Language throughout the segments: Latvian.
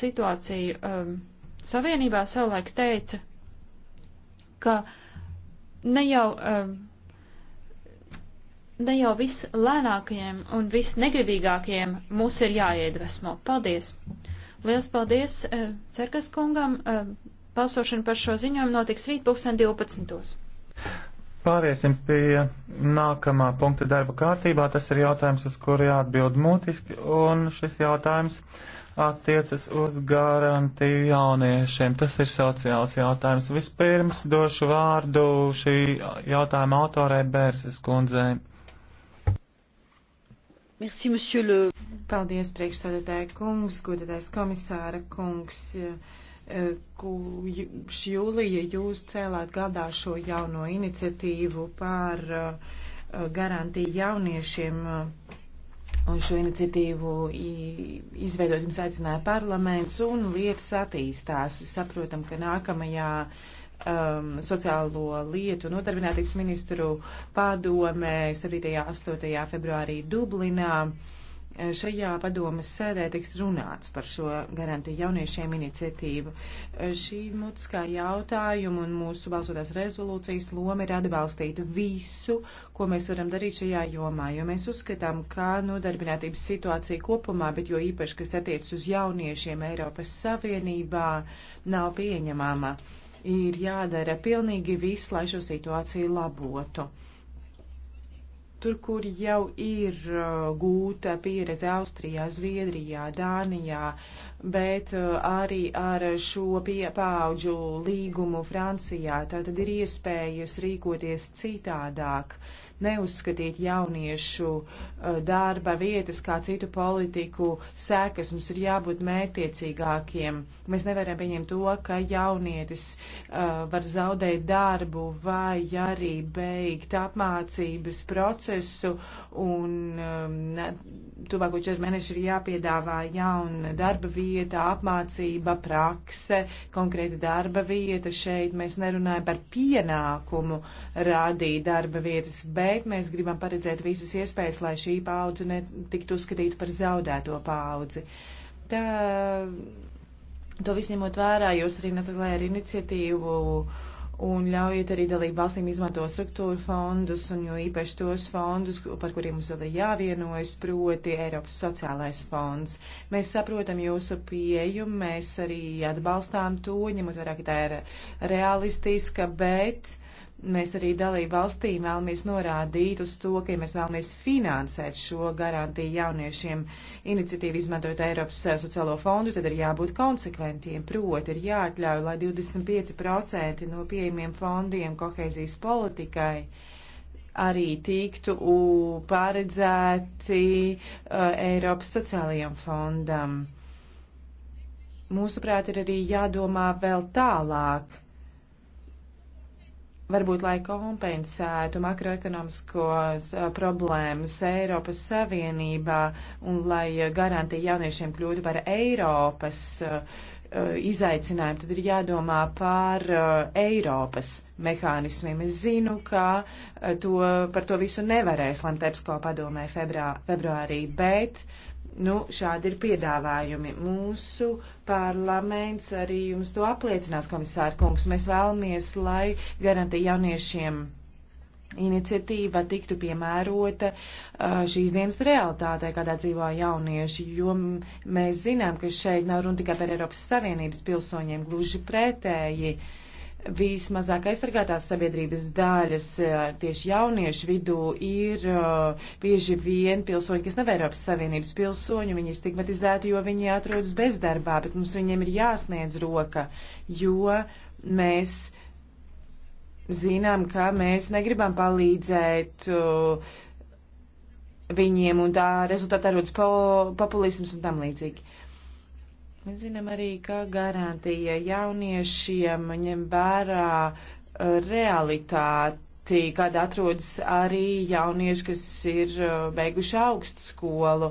situāciju um, Savienībā savulaik teica, ka ne jau, um, ne jau vislēnākajiem un visnegribīgākajiem mūs ir jāiedvesmo. Paldies! Liels paldies uh, Cerkas kungam! Uh, balsošana par šo ziņojumu notiks rīt 2012. Pāriesim pie nākamā punkta darba kārtībā. Tas ir jautājums, uz kuru jāatbild mutiski, un šis jautājums attiecas uz garantiju jauniešiem. Tas ir sociāls jautājums. Vispirms došu vārdu šī jautājuma autorei Bērses kundzei. Merci, monsieur le. Paldies, priekšsēdētāja kungs, godētais komisāra kungs. Eh, jūlija jūs cēlāt gadā šo jauno iniciatīvu par eh, garantiju jauniešiem Un šo iniciatīvu izveidot jums aicināja parlaments un lietas attīstās. Saprotam, ka nākamajā um, sociālo lietu un nodarbinātības ministru padomē 7. un 8. februārī Dublinā Šajā padomas sēdē tiks runāts par šo garantiju jauniešiem iniciatīvu. Šī mutiskā jautājuma un mūsu balsotās rezolūcijas loma ir atbalstīt visu, ko mēs varam darīt šajā jomā, jo mēs uzskatām, ka nodarbinātības situācija kopumā, bet jo īpaši, kas attiec uz jauniešiem Eiropas Savienībā, nav pieņemama ir jādara pilnīgi viss, lai šo situāciju labotu. Tur, kur jau ir uh, gūta pieredze Austrijā, Zviedrijā, Dānijā, bet uh, arī ar šo piepaudžu līgumu Francijā, tā tad ir iespējas rīkoties citādāk. Uh, neuzskatīt jauniešu uh, darba vietas kā citu politiku sēkas. Mums ir jābūt mērtiecīgākiem. Mēs nevaram pieņemt to, ka jaunietis uh, var zaudēt darbu vai arī beigt apmācības procesu un um, tuvāko četru mēnešu ir jāpiedāvā jauna darba vieta, apmācība, prakse, konkrēta darba vieta. Šeit mēs nerunājam par pienākumu radīt darba vietas, bet šeit mēs gribam paredzēt visas iespējas, lai šī paudze netiktu uzskatīta par zaudēto paudzi. Tā, to visu ņemot vērā, jūs arī nesaglējāt ar iniciatīvu un ļaujiet arī dalību valstīm izmantot struktūru fondus un jo īpaši tos fondus, par kuriem mums vēl ir jāvienojas, proti Eiropas sociālais fonds. Mēs saprotam jūsu pieju, mēs arī atbalstām to, ņemot vairāk, ka tā ir realistiska, bet Mēs arī dalību valstīm vēlamies norādīt uz to, ka ja mēs vēlamies finansēt šo garantiju jauniešiem iniciatīvu izmantojot Eiropas eh, sociālo fondu, tad ir jābūt konsekventiem. Proti, ir jāatļauj, lai 25% no pieejamiem fondiem koheizijas politikai arī tiktu paredzēti uh, Eiropas sociālajiem fondam. Mūsuprāt, ir arī jādomā vēl tālāk varbūt lai kompensētu makroekonomiskos eh, problēmas Eiropas Savienībā un lai garantija jauniešiem kļūtu par Eiropas eh, izaicinājumu, tad ir jādomā par eh, Eiropas mehānismiem. Es zinu, ka to, par to visu nevarēs lemt EPSCO padomē februārī, bet uh, Nu, šādi ir piedāvājumi. Mūsu parlaments arī jums to apliecinās, komisāra kungs. Mēs vēlamies, lai garantija jauniešiem iniciatīva tiktu piemērota šīs dienas realitātei, kādā dzīvo jaunieši, jo mēs zinām, ka šeit nav runa tikai par Eiropas Savienības pilsoņiem, gluži pretēji. Uh, vismazāk aizsargātās sabiedrības daļas, e, tieši jauniešu vidū, ir e, bieži vien pilsoņi, kas nav Eiropas Savienības pilsoņi, viņi ir stigmatizēti, jo viņi atrodas bezdarbā, bet mums viņiem ir jāsniedz roka, jo mēs zinām, ka mēs negribam palīdzēt e, viņiem, un tā rezultātā rodas populisms un tam līdzīgi. Mēs zinām arī, ka garantija jauniešiem ņem vērā e, realitāti, kad atrodas arī jaunieši, kas ir e, beiguši augstskolu.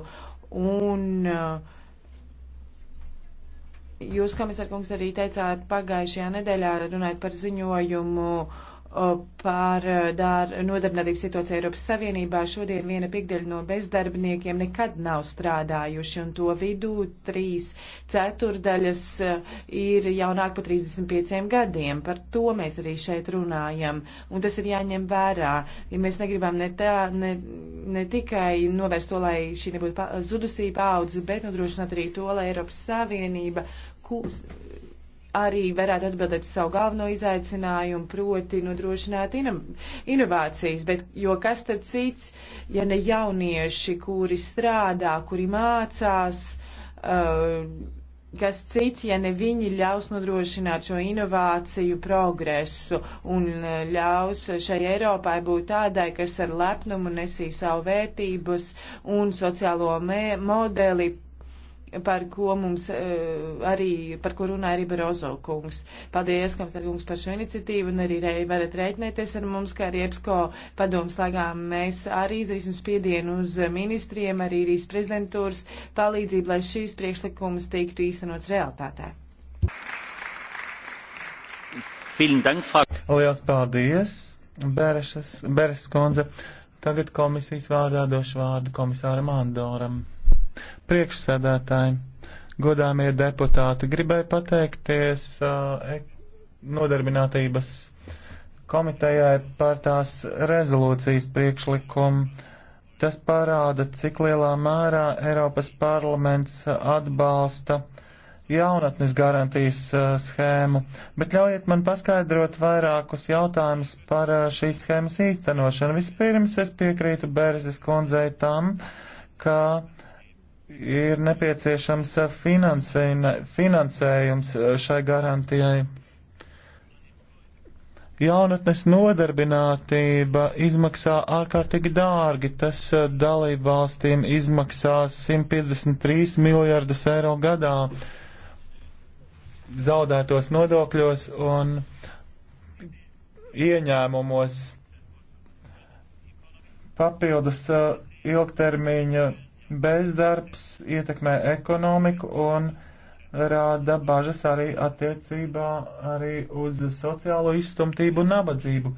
Un uh, Jūs, komisārkungs, arī teicāt pagājušajā nedēļā runājot par ziņojumu par eh, dar, nodarbinātības situāciju Eiropas Savienībā. Šodien viena pigdeļa no bezdarbniekiem nekad nav strādājuši, un to vidū trīs ceturdaļas eh, ir jaunāk par 35 gadiem. Par to mēs arī šeit runājam, un tas ir jāņem vērā. Ja mēs negribam ne, tā, ne, ne tikai novērst to, lai šī nebūtu zudusība audze, bet nodrošināt arī to, lai Eiropas Savienība kūs, arī varētu atbildēt uz savu galveno izaicinājumu, proti nodrošināt ino inovācijas, bet jo kas tad cits, ja ne jaunieši, kuri strādā, kuri mācās, uh, kas cits, ja ne viņi ļaus nodrošināt šo inovāciju progresu un uh, ļaus šai Eiropai būt tādai, kas ar lepnumu nesīs savu vērtības un sociālo modeli par ko mums e, arī, par ko runāja arī Barozo kungs. Paldies, komisār kungs, par šo iniciatīvu, un arī rei varat rēķināties ar mums, kā arī EPSCO padomus lagām. Mēs arī izdarīsim spiedienu uz ministriem, arī Rīs prezidentūras palīdzību, lai šīs priekšlikumas tiktu īstenots realitātē. Lielas paldies, Bērešas, Bērešas kundze. Tagad komisijas vārdā došu vārdu komisāram Andoram. Priekšsēdētāji, godāmie deputāti, gribēju pateikties uh, nodarbinātības komitejai par tās rezolūcijas priekšlikumu. Tas parāda, cik lielā mērā Eiropas parlaments atbalsta jaunatnes garantijas uh, schēmu, bet ļaujiet man paskaidrot vairākus jautājumus par uh, šīs schēmas īstenošanu. Vispirms es piekrītu Bērzes kundzei tam, ka uh, ir nepieciešams eh, finansē, finansējums eh, šai garantijai. Jaunatnes nodarbinātība izmaksā ārkārtīgi dārgi. Tas eh, dalību valstīm izmaksās 153 miljardus eiro gadā zaudētos nodokļos un ieņēmumos. Papildus ilgtermiņa Bezdarbs ietekmē ekonomiku un rāda bažas arī attiecībā arī uz sociālo izstumtību un nabadzību.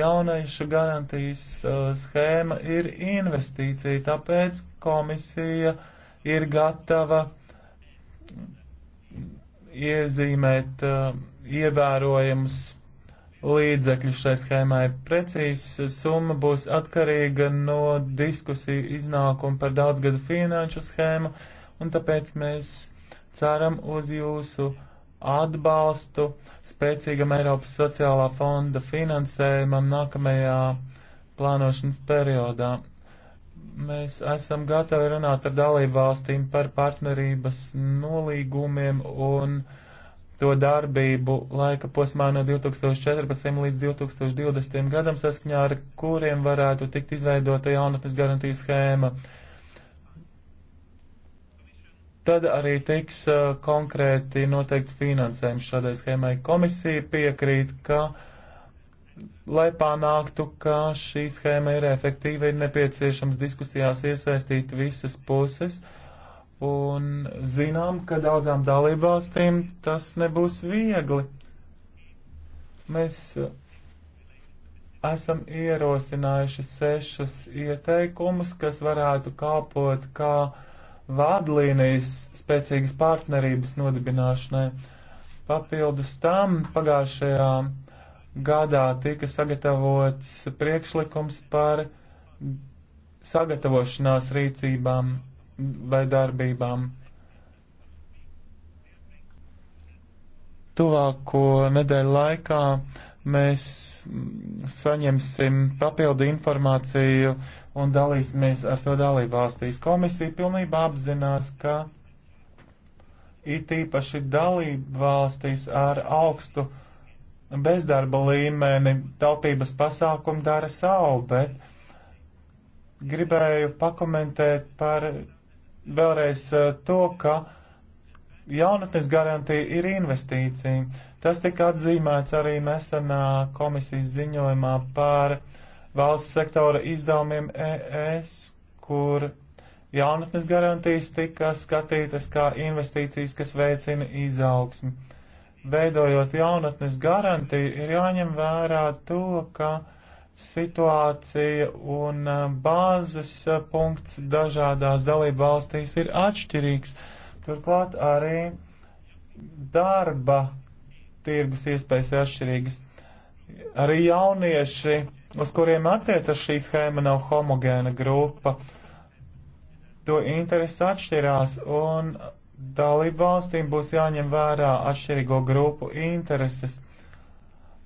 Jauniešu garantijas uh, schēma ir investīcija, tāpēc komisija ir gatava iezīmēt uh, ievērojamus līdzekļu šai schēmai. Precīzi summa būs atkarīga no diskusiju iznākuma par daudzgadu finanšu schēmu, un tāpēc mēs ceram uz jūsu atbalstu spēcīgam Eiropas sociālā fonda finansējumam nākamajā plānošanas periodā. Mēs esam gatavi runāt ar dalībvalstīm par partnerības nolīgumiem un uh, to darbību laika posmā no 2014 līdz 2020 gadam, saskaņā ar kuriem varētu tikt izveidota jaunatnes garantijas schēma. Tad arī tiks uh, konkrēti noteikts finansējums šādai schēmai. Komisija piekrīt, ka, lai panāktu, ka šī schēma ir efektīva, ir nepieciešams diskusijās iesaistīt visas puses. Uh, un zinām, ka daudzām dalībvalstīm tas nebūs viegli. Mēs eh, esam ierosinājuši sešus ieteikumus, kas varētu kalpot kā vadlīnijas spēcīgas partnerības nodibināšanai. Papildus tam pagājušajā gadā tika sagatavots priekšlikums par sagatavošanās rīcībām vai darbībām. Tuvāko nedēļu laikā mēs saņemsim papildu informāciju un dalīsimies ar to dalību valstīs. Komisija pilnībā apzinās, ka it īpaši dalību valstīs ar augstu bezdarba līmeni taupības pasākumu dara savu, bet gribēju pakomentēt par vēlreiz eh, to, ka jaunatnes garantija ir investīcija. Tas tika atzīmēts arī nesenā komisijas ziņojumā par valsts sektora izdevumiem ES, kur jaunatnes garantijas tika skatītas kā investīcijas, kas veicina izaugsmi. Veidojot jaunatnes garantiju, ir jāņem vērā to, ka situācija un eh, bāzes eh, punkts dažādās dalību valstīs ir atšķirīgs. Turklāt arī darba tirgus iespējas ir atšķirīgas. Arī jaunieši, uz kuriem attiecas šī schēma, nav homogēna grupa. To interesi atšķirās un dalību valstīm būs jāņem vērā atšķirīgo grupu intereses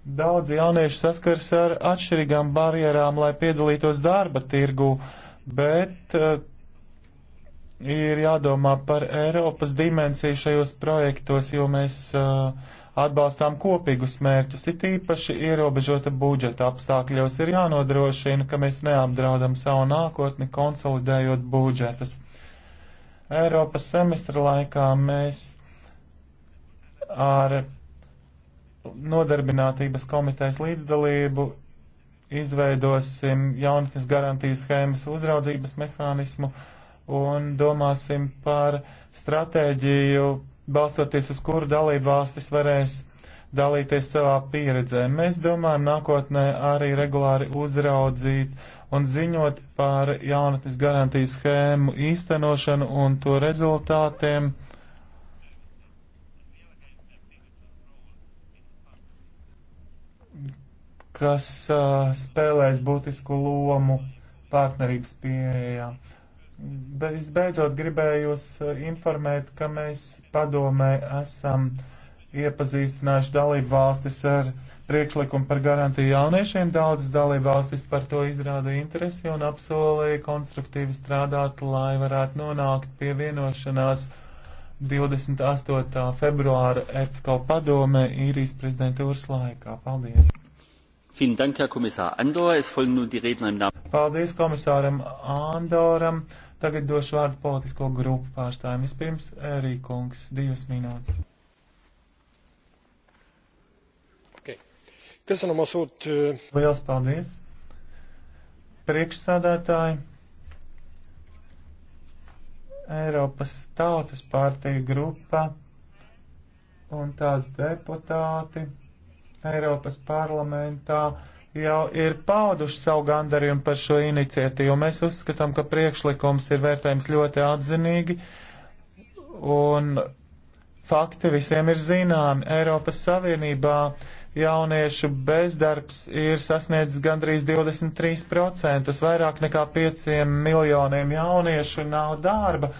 Daudz jaunieši saskars ar atšķirīgām barjerām, lai piedalītos darba tirgu, bet uh, ir jādomā par Eiropas dimensiju šajos projektos, jo mēs uh, atbalstām kopīgus mērķus. It īpaši ierobežota budžeta apstākļos ir jānodrošina, ka mēs neapdraudam savu nākotni, konsolidējot budžetus. Eiropas semestra laikā mēs ar nodarbinātības komitejas līdzdalību izveidosim jaunatnes garantijas schēmas uzraudzības mehānismu un domāsim par stratēģiju, balstoties uz kuru dalību valstis varēs dalīties savā pieredzē. Mēs domājam nākotnē arī regulāri uzraudzīt un ziņot par jaunatnes garantijas schēmu īstenošanu un to rezultātiem kas uh, spēlēs būtisku lomu partnerības pieejā. Bet visbeidzot gribējos uh, informēt, ka mēs padomē esam iepazīstinājuši dalību valstis ar priekšlikumu par garantiju jauniešiem. Daudzas dalību valstis par to izrāda interesi un apsolīja konstruktīvi strādāt, lai varētu nonākt pie vienošanās 28. februāra ECO padomē īrijas prezidentūras laikā. Paldies! Paldies komisāram Andoram. Tagad došu vārdu politisko grupu pārstāvjiem. Vispirms Rīkungs, divas minūtes. Okay. Köszönöm a szót. Liels paldies. Priekšsādātāji, Eiropas Tautas partija grupa un tās deputāti Eiropas parlamentā jau ir pauduši savu gandarījumu par šo iniciatīvu. Mēs uzskatām, ka priekšlikums ir vērtējums ļoti atzinīgi un fakti visiem ir zināmi. Eiropas Savienībā jauniešu bezdarbs ir sasniedzis gandrīz 23%, vairāk nekā 5 miljoniem jauniešu nav darba,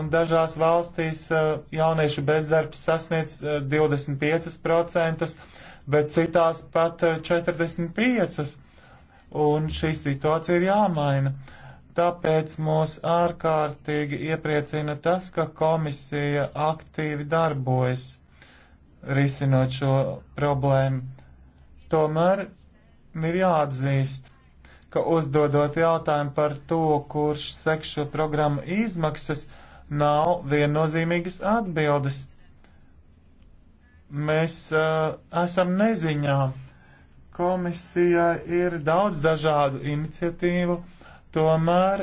un dažās valstīs uh, jauniešu bezdarbs sasniedz 25%, uh, bet citās pat 45. Eh, Un šī situācija ir jāmaina. Tāpēc mūs ārkārtīgi iepriecina tas, ka komisija aktīvi darbojas risinot šo problēmu. Tomēr ir jāatzīst, ka uzdodot jautājumu par to, kurš sek šo programmu izmaksas, nav viennozīmīgas atbildes. Mēs uh, esam neziņā. Komisijā ir daudz dažādu iniciatīvu, tomēr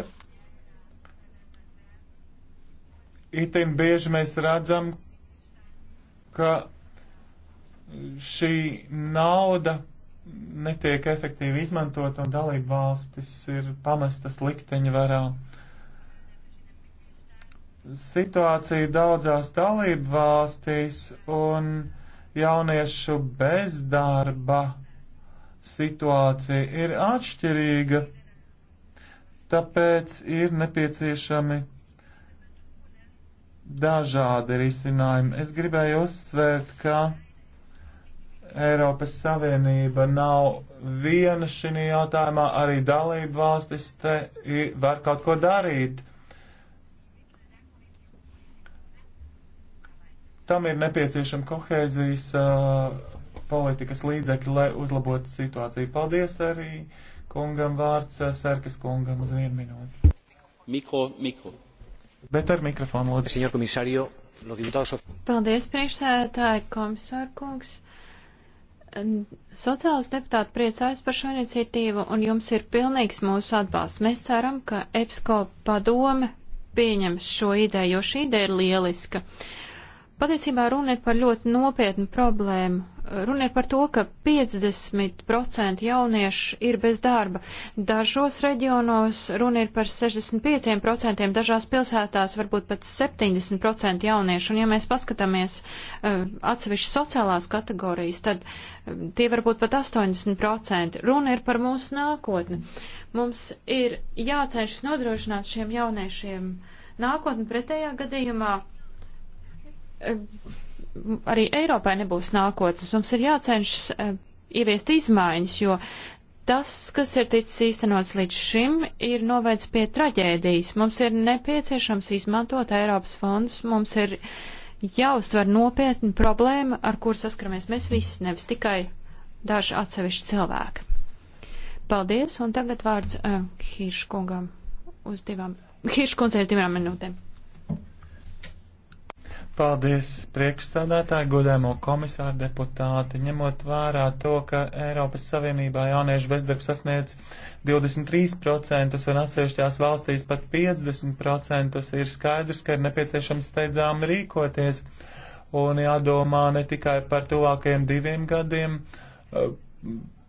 itin bieži mēs redzam, ka šī nauda netiek efektīvi izmantot un dalību valstis ir pamestas likteņa varā. Uh, situācija daudzās dalību valstīs un jauniešu bezdarba situācija ir atšķirīga, tāpēc ir nepieciešami dažādi risinājumi. Es gribēju uzsvērt, ka Eiropas Savienība nav viena šī jautājumā, arī dalību valstis te var kaut ko darīt. Tam ir nepieciešama kohēzijas politikas līdzekļi, lai uzlabotu situāciju. Paldies arī kungam vārds Sērkas kungam uz vienu minūti. Mikro, mikro. Bet ar mikrofonu lūdzu. Senjor komisārio, Paldies, priekšsēdētāji, komisārkungs. Sociālas deputāti priecājas par šo iniciatīvu, un jums ir pilnīgs mūsu atbalsts. Mēs ceram, ka EPSCO padome pieņems šo ideju, jo šī ideja ir lieliska. Uh, Patiesībā runa ir par ļoti nopietnu problēmu. Runa ir par to, ka 50% jauniešu ir bez darba. Dažos reģionos runa ir par 65%, dažās pilsētās varbūt pat 70% jauniešu. Un ja mēs paskatāmies uh, atsevišķi sociālās kategorijas, tad uh, tie varbūt pat 80%. Runa ir par mūsu nākotni. Mums ir jācenšas nodrošināt šiem jauniešiem nākotni pretējā gadījumā arī Eiropai nebūs nākotnes. Mums ir jācenšas ieviest izmaiņas, jo tas, kas ir ticis īstenots līdz šim, ir novēc pie traģēdijas. Mums ir nepieciešams izmantot Eiropas fondus, mums ir jāuztver nopietni problēma, ar kur saskaramies mēs visi, nevis tikai daži atsevišķi cilvēki. Paldies, un tagad vārds uh, Hirškungam uz divām, Hirškundzei uz divām minūtēm. Paldies, priekšsādātāji, godēmo komisāru deputāti. Ņemot vērā to, ka Eiropas Savienībā jauniešu bezdarbs sasniedz 23% un atsevišķās valstīs pat 50%, ir skaidrs, ka ir nepieciešams steidzām rīkoties un jādomā ne tikai par tuvākajiem diviem gadiem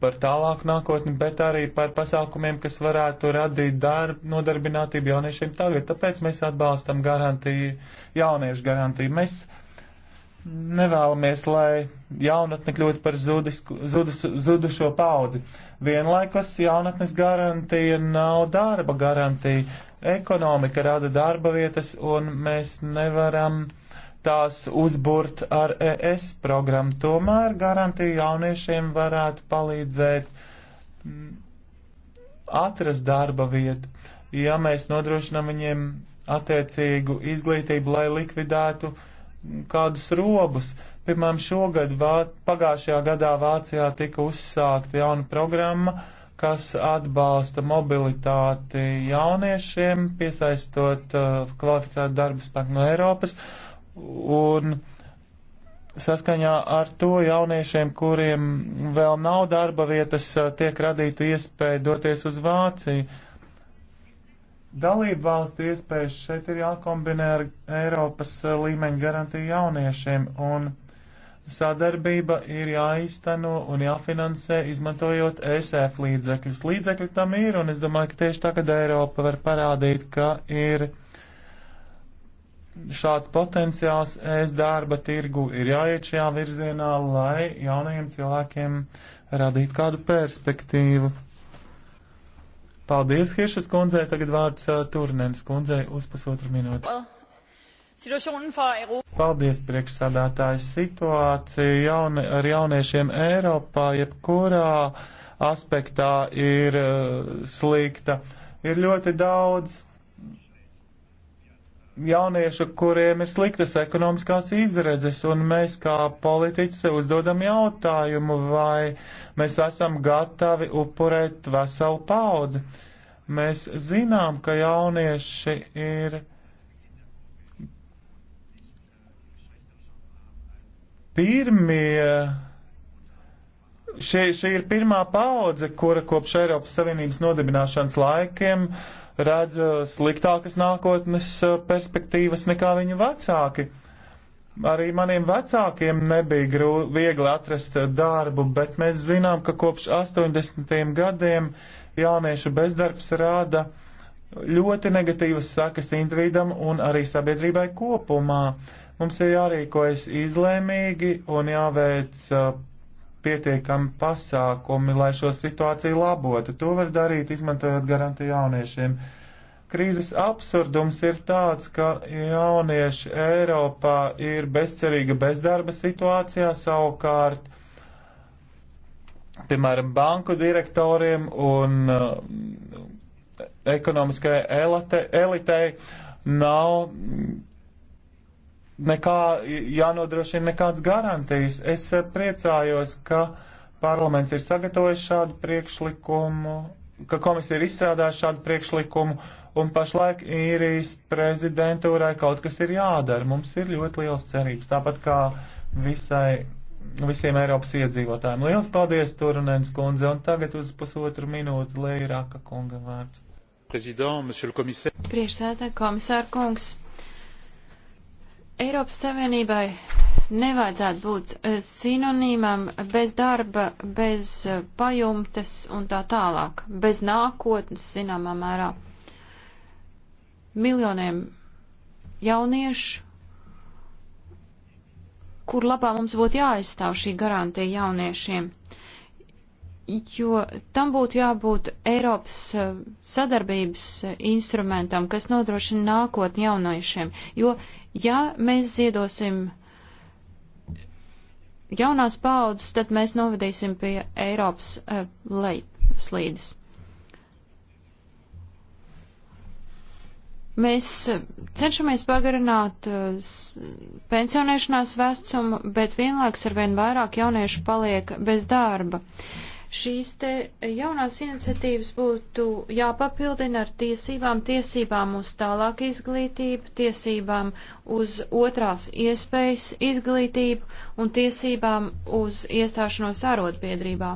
par tālāku nākotni, bet arī par pasākumiem, kas varētu radīt darbu, nodarbinātību jauniešiem tagad. Tāpēc mēs atbalstam garantiju, jauniešu garantiju. Mēs nevēlamies, lai jaunatne kļūtu par zudisku, zudus, zudušo paudzi. Vienlaikus jaunatnes garantija nav darba garantija. Ekonomika rada darba vietas, un mēs nevaram tās uzburt ar ES programmu. Tomēr garantija jauniešiem varētu palīdzēt mm, atrast darba vietu, ja mēs nodrošinām viņiem attiecīgu izglītību, lai likvidētu mm, kādus robus. Piemēram, šogad, vā, pagājušajā gadā Vācijā tika uzsākta jauna programma, kas atbalsta mobilitāti jauniešiem, piesaistot uh, kvalificētu darbu spēku no Eiropas. Uh, Un saskaņā ar to jauniešiem, kuriem vēl nav darba vietas, tiek radīta iespēja doties uz Vāciju. Dalību valstu iespējas šeit ir jākombinē ar Eiropas līmeņa garantiju jauniešiem, un sadarbība ir jāizteno un jāfinansē, izmantojot e SF līdzekļus. Līdzekļi tam ir, un es domāju, ka tieši tagad Eiropa var parādīt, ka ir šāds potenciāls ēst darba tirgu ir jāiet šajā virzienā, lai jaunajiem cilvēkiem radītu kādu perspektīvu. Paldies, Hiršas kundzei, tagad vārds Turnenes kundzei uz pusotru minūti. Paldies, priekšsādātājs. Situācija jaune, ar jauniešiem Eiropā jebkurā aspektā ir uh, slikta. Ir ļoti daudz jauniešu, kuriem ir sliktas ekonomiskās izredzes, un mēs kā politiķi sev uzdodam jautājumu, vai mēs esam gatavi upurēt veselu paudzi. Mēs zinām, ka jaunieši ir pirmie šī, šī ir pirmā paudze, kura kopš Eiropas Savienības nodibināšanas laikiem redz eh, sliktākas nākotnes eh, perspektīvas nekā viņu vecāki. Arī maniem vecākiem nebija grū, viegli atrast eh, darbu, bet mēs zinām, ka kopš 80. gadiem jauniešu bezdarbs rāda ļoti negatīvas sakas individam un arī sabiedrībai kopumā. Mums ir jārīkojas izlēmīgi un jāveic pietiekami pasākumi, lai šo situāciju labotu. To var darīt, izmantojot garantiju jauniešiem. Krīzes absurdums ir tāds, ka jaunieši Eiropā ir bezcerīga bezdarba situācijā savukārt piemēram, banku direktoriem un uh, ekonomiskajai elitei nav nekā jānodrošina nekāds garantijas. Es eh, priecājos, ka parlaments ir sagatavojis šādu priekšlikumu, ka komisija ir izstrādājusi šādu priekšlikumu, un pašlaik īrijas prezidentūrai kaut kas ir jādara. Mums ir ļoti liels cerības, tāpat kā visai, visiem Eiropas iedzīvotājiem. Liels paldies, Turunens kundze, un tagad uz pusotru minūti Leirāka kunga vārds. Priekšsēdē komisāra kungs, Eiropas Savienībai nevajadzētu būt eh, sinonīmam bez darba, bez eh, pajumtes un tā tālāk, bez nākotnes, zināmā mērā. Miljoniem jauniešu, kur labā mums būtu jāaizstāv šī garantija jauniešiem jo tam būtu jābūt Eiropas eh, sadarbības eh, instrumentam, kas nodrošina nākotni jauniešiem. Jo, ja mēs ziedosim jaunās paaudzes, tad mēs novedīsim pie Eiropas uh, eh, lejslīdes. Mēs cenšamies pagarināt pensionēšanās vecumu, bet vienlaiks arvien vairāk jauniešu paliek bez darba. Uh, Šīs te jaunās iniciatīvas būtu jāpapildina ar tiesībām, tiesībām uz tālāku izglītību, tiesībām uz otrās iespējas izglītību un tiesībām uz iestāšanos ārotbiedrībā.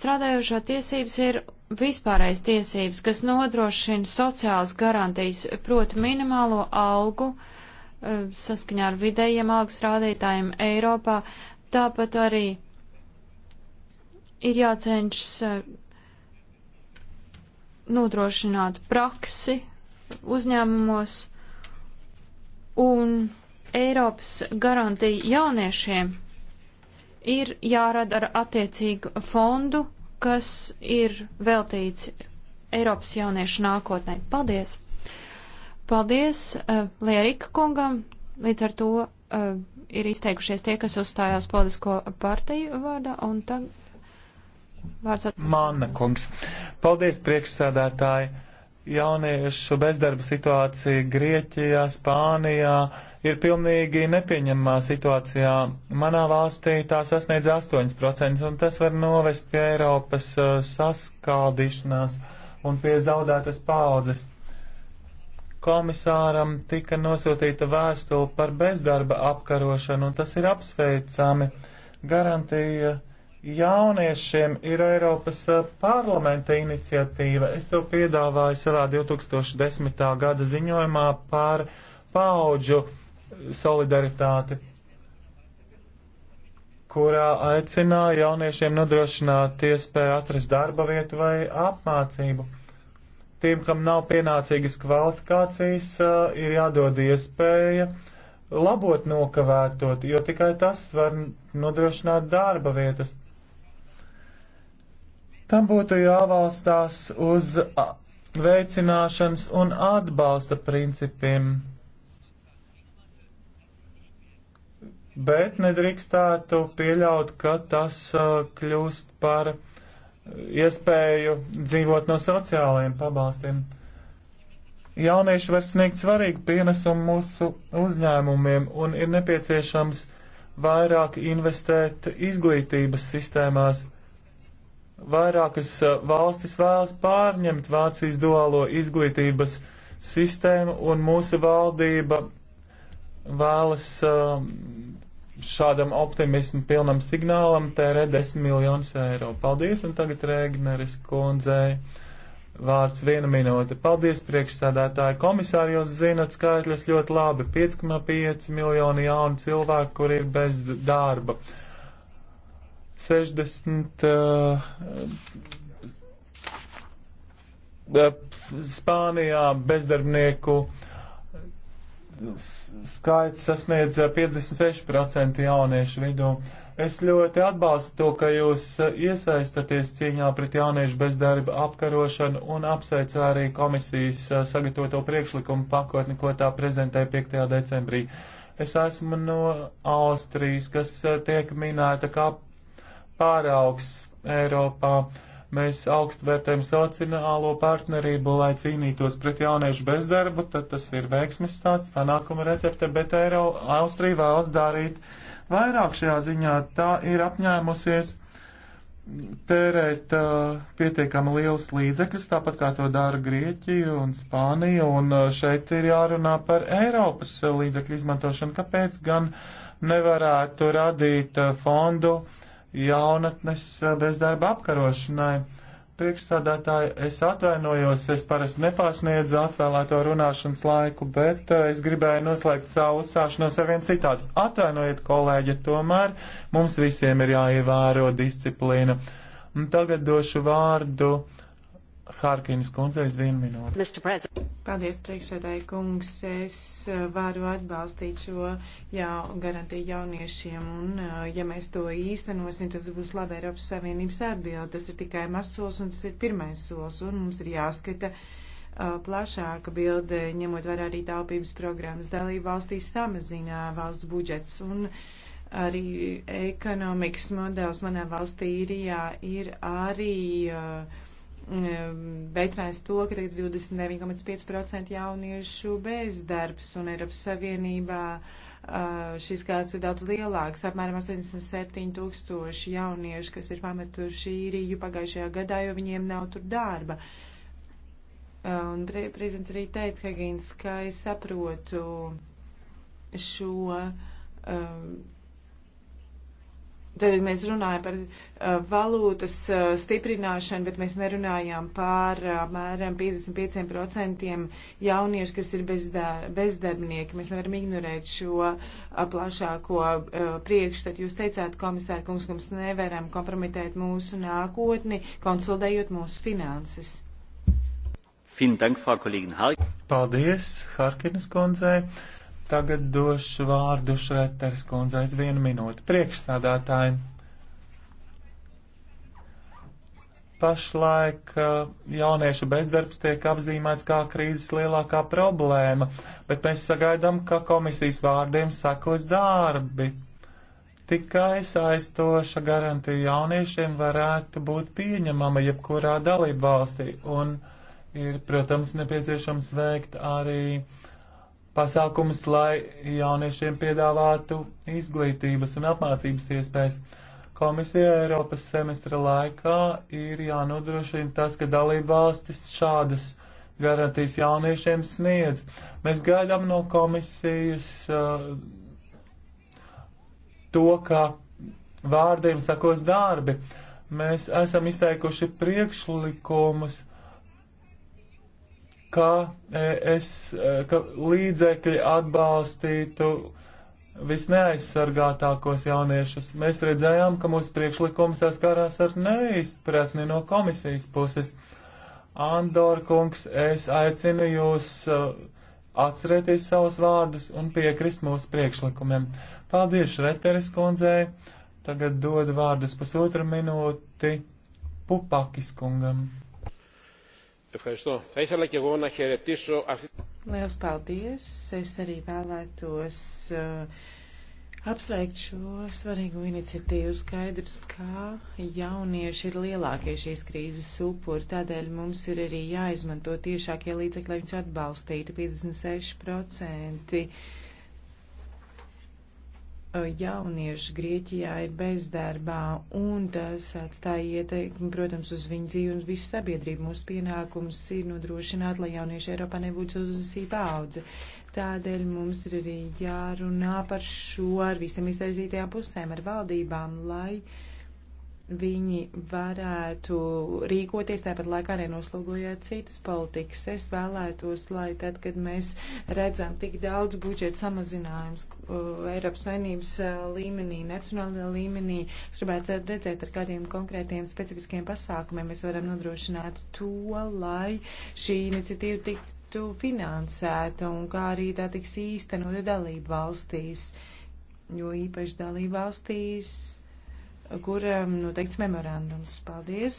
Strādājošā tiesības ir vispārējais tiesības, kas nodrošina sociālas garantijas, proti minimālo algu eh, saskaņā ar vidējiem algas rādītājiem Eiropā, tāpat arī ir jācenšas eh, nodrošināt praksi uzņēmumos un Eiropas garantija jauniešiem ir jārada ar attiecīgu fondu, kas ir veltīts Eiropas jauniešu nākotnē. Paldies! Paldies uh, Lierika kungam, līdz ar to uh, ir izteikušies tie, kas uzstājās politisko partiju vārdā, un tagad. Vārds atsevišķi. Māna kungs. Paldies, priekšsādātāji. Jauniešu bezdarba situācija Grieķijā, Spānijā ir pilnīgi nepieņemamā situācijā. Manā valstī tā sasniedz 8%, un tas var novest pie Eiropas uh, saskaldīšanās un pie zaudētas paudzes. Komisāram tika nosūtīta vēstule par bezdarba apkarošanu, un tas ir apsveicami. Garantija uh, Jauniešiem ir Eiropas eh, parlamenta iniciatīva. Es to piedāvāju savā 2010. gada ziņojumā par paudžu solidaritāti, kurā aicināja jauniešiem nodrošināt iespēju atrast darba vietu vai apmācību. Tiem, kam nav pienācīgas kvalifikācijas, eh, ir jādod iespēja labot nokavētot, jo tikai tas var nodrošināt darba vietas Tam būtu jāvalstās uz veicināšanas un atbalsta principiem, bet nedrīkstētu pieļaut, ka tas kļūst par iespēju dzīvot no sociālajiem pabalstiem. Jaunieši var sniegt svarīgu pienesumu mūsu uzņēmumiem un ir nepieciešams vairāk investēt izglītības sistēmās. Vairākas eh, valstis vēlas pārņemt Vācijas duālo izglītības sistēmu, un mūsu valdība vēlas eh, šādam optimismu pilnam signālam tērē 10 miljonus eiro. Paldies, un tagad Rēgneris kundzei. Vārds viena minūte. Paldies, priekšsādātāji. Komisāri, jūs zinat skaitļus ļoti labi. 5,5 miljoni jaunu cilvēku, kur ir bez darba. 60 uh, eh, eh, Spānijā bezdarbnieku skaits sasniedz 56% jauniešu vidū. Es ļoti atbalstu to, ka jūs iesaistaties cīņā pret jauniešu bezdarba apkarošanu un apsveicu arī komisijas eh, sagatavoto priekšlikumu pakotni, ko tā prezentē 5. decembrī. Es esmu no Austrijas, kas tiek minēta kā pāraugs Eiropā. Mēs augstu vērtējam sociālo partnerību, lai cīnītos pret jauniešu bezdarbu, tad tas ir veiksmes stāsts, panākuma recepte, bet Eiro, Austrija vēlas darīt vairāk šajā ziņā. Tā ir apņēmusies tērēt uh, pietiekami liels līdzekļus, tāpat kā to dara Grieķija un Spānija, un uh, šeit ir jārunā par Eiropas līdzekļu izmantošanu, kāpēc gan nevarētu radīt uh, fondu uh, jaunatnes eh, bezdarba apkarošanai. Priekšstādātāji, es atvainojos, es parasti nepārsniedzu atvēlēto runāšanas laiku, bet eh, es gribēju noslēgt savu uzstāšanos ar vienu citātu. Atvainojiet, kolēģi, tomēr mums visiem ir jāievēro disciplīna. Un tagad došu vārdu uh, Hārkinas kundze uz vienu minūti. Paldies, priekšsēdēji kungs. Es eh, varu atbalstīt šo jau garantiju jauniešiem, un eh, ja mēs to īstenosim, tad tas būs laba Eiropas Savienības atbilde. Tas ir tikai mazs solis, un tas ir pirmais solis, un mums ir jāskata eh, plašāka bilde, ņemot vērā arī taupības programmas. Dalība valstīs samazinā valsts budžets, un arī ekonomikas modelis manā valstī īrijā ir arī uh, veicinājis to, ka tagad 29,5% jauniešu bezdarbs un Eiropas Savienībā šis gads ir daudz lielāks. Apmēram 87 tūkstoši jauniešu, kas ir pametuši īriju pagājušajā gadā, jo viņiem nav tur darba. Un pre prezidents arī teica, Hagins, ka es saprotu šo um, Tad mēs runājam par uh, valūtas uh, stiprināšanu, bet mēs nerunājām par uh, apmēram uh, 55% jauniešu, kas ir bezdar bezdarbnieki. Mēs nevaram ignorēt šo uh, plašāko uh, priekšstatu. Jūs teicāt, komisāra kungs, ka mums nevaram kompromitēt mūsu nākotni, konsolidējot mūsu finanses. Paldies, Harkinas kundzei. Tagad došu vārdu Šreteres kundzais vienu minūti priekšstādātājiem. pašlaik eh, jauniešu bezdarbs tiek apzīmēts kā krīzes lielākā problēma, bet mēs sagaidām, ka komisijas vārdiem sakos darbi. Tikai saistoša garantija jauniešiem varētu būt pieņemama jebkurā dalību valstī, un ir, protams, nepieciešams veikt arī uh, pasākumus, lai jauniešiem piedāvātu izglītības un apmācības iespējas. Komisija Eiropas semestra laikā ir jānodrošina tas, ka dalība valstis šādas garantijas jauniešiem sniedz. Mēs gaidām no komisijas uh, to, ka vārdiem sakos darbi. Mēs esam izteikuši priekšlikumus kā, es, e, ka līdzekļi atbalstītu visneaizsargātākos jauniešus. Mēs redzējām, ka mūsu priekšlikums saskārās ar neizpratni no komisijas puses. Andor kungs, es aicinu jūs e, atcerēties savus vārdus un piekrist mūsu priekšlikumiem. Paldies Šreteris kundzei. Tagad dodu vārdus pusotru minūti Pupakis kungam. Θα ήθελα και εγώ να χαιρετήσω αυτή. Liels paldies! Es arī vēlētos uh, apsveikt šo svarīgo iniciatīvu. Skaidrs, ka jaunieši ir lielākie šīs krīzes upuri, tādēļ mums ir arī jāizmanto tiešākie līdzekļi, lai viņus atbalstītu 56% jaunieši Grieķijā ir bezdarbā, un tas atstāja ieteikumu, protams, uz viņu dzīvi un visu sabiedrību. Mūsu pienākums ir nodrošināt, lai jaunieši Eiropā nebūtu uzsīpa paudze. Tādēļ mums ir arī jārunā par šo ar visam izaizītajām pusēm, ar valdībām, lai uh, viņi varētu rīkoties, tāpat laikā arī noslogojot citas politikas. Es vēlētos, lai tad, kad mēs redzam tik daudz budžeta samazinājums uh, Eiropas saimnības uh, līmenī, nacionālajā līmenī, es gribētu redzēt ar kādiem konkrētiem specifiskiem pasākumiem, mēs varam nodrošināt to, lai šī iniciatīva tiktu finansēta un kā arī tā tiks īstenot dalību valstīs, jo īpaši dalību valstīs kuram noteikts nu, memorandums. Paldies!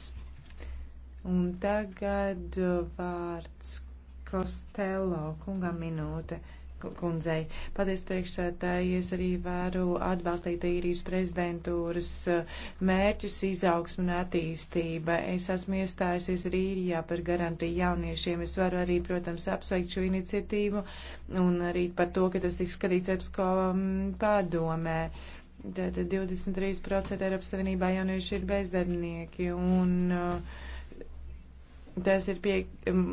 Un tagad vārds Kostelo kungam minūte kundzei. Paldies priekšsētāji, es arī varu atbalstīt īrijas prezidentūras eh, mērķus izaugsmu un attīstība. Es esmu iestājusies arī īrijā par garantiju jauniešiem. Es varu arī, protams, apsveikt šo iniciatīvu un arī par to, ka tas tiks skatīts EPSCO mm, padomē. Uh, Tātad 23% Eiropas Savienībā jaunieši ir bezdarbnieki, un uh, tas ir pie, um,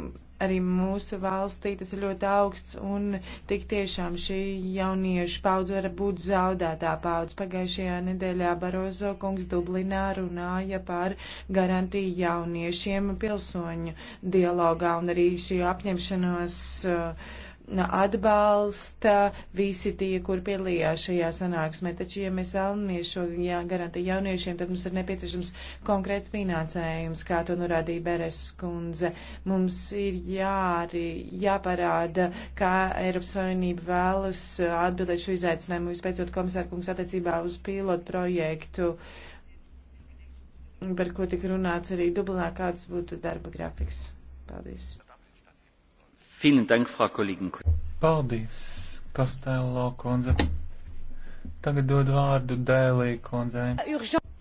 arī mūsu valstī, tas ir ļoti augsts, un tik tiešām šī jauniešu paudze var būt zaudētā paudze. Pagājušajā nedēļā Barozo kungs Dublinā runāja par garantiju jauniešiem pilsoņu dialogā, un arī šī apņemšanos uh, atbalsta visi tie, kur piedalījās šajā sanāksmē. Taču, ja mēs vēlamies šo jā, garantiju jauniešiem, tad mums ir nepieciešams konkrēts finansējums, kā to norādīja Beres skundze. Mums ir jā, arī jāparāda, kā Eiropas Savienība vēlas atbildēt šo izaicinājumu, vispēcot komisārkungs attiecībā uz pilotu projektu par ko tik runāts arī Dublinā, kāds būtu darba grafiks. Paldies! Paldies, Kastēlo kundze. Tagad dod vārdu Dēlī kundzei.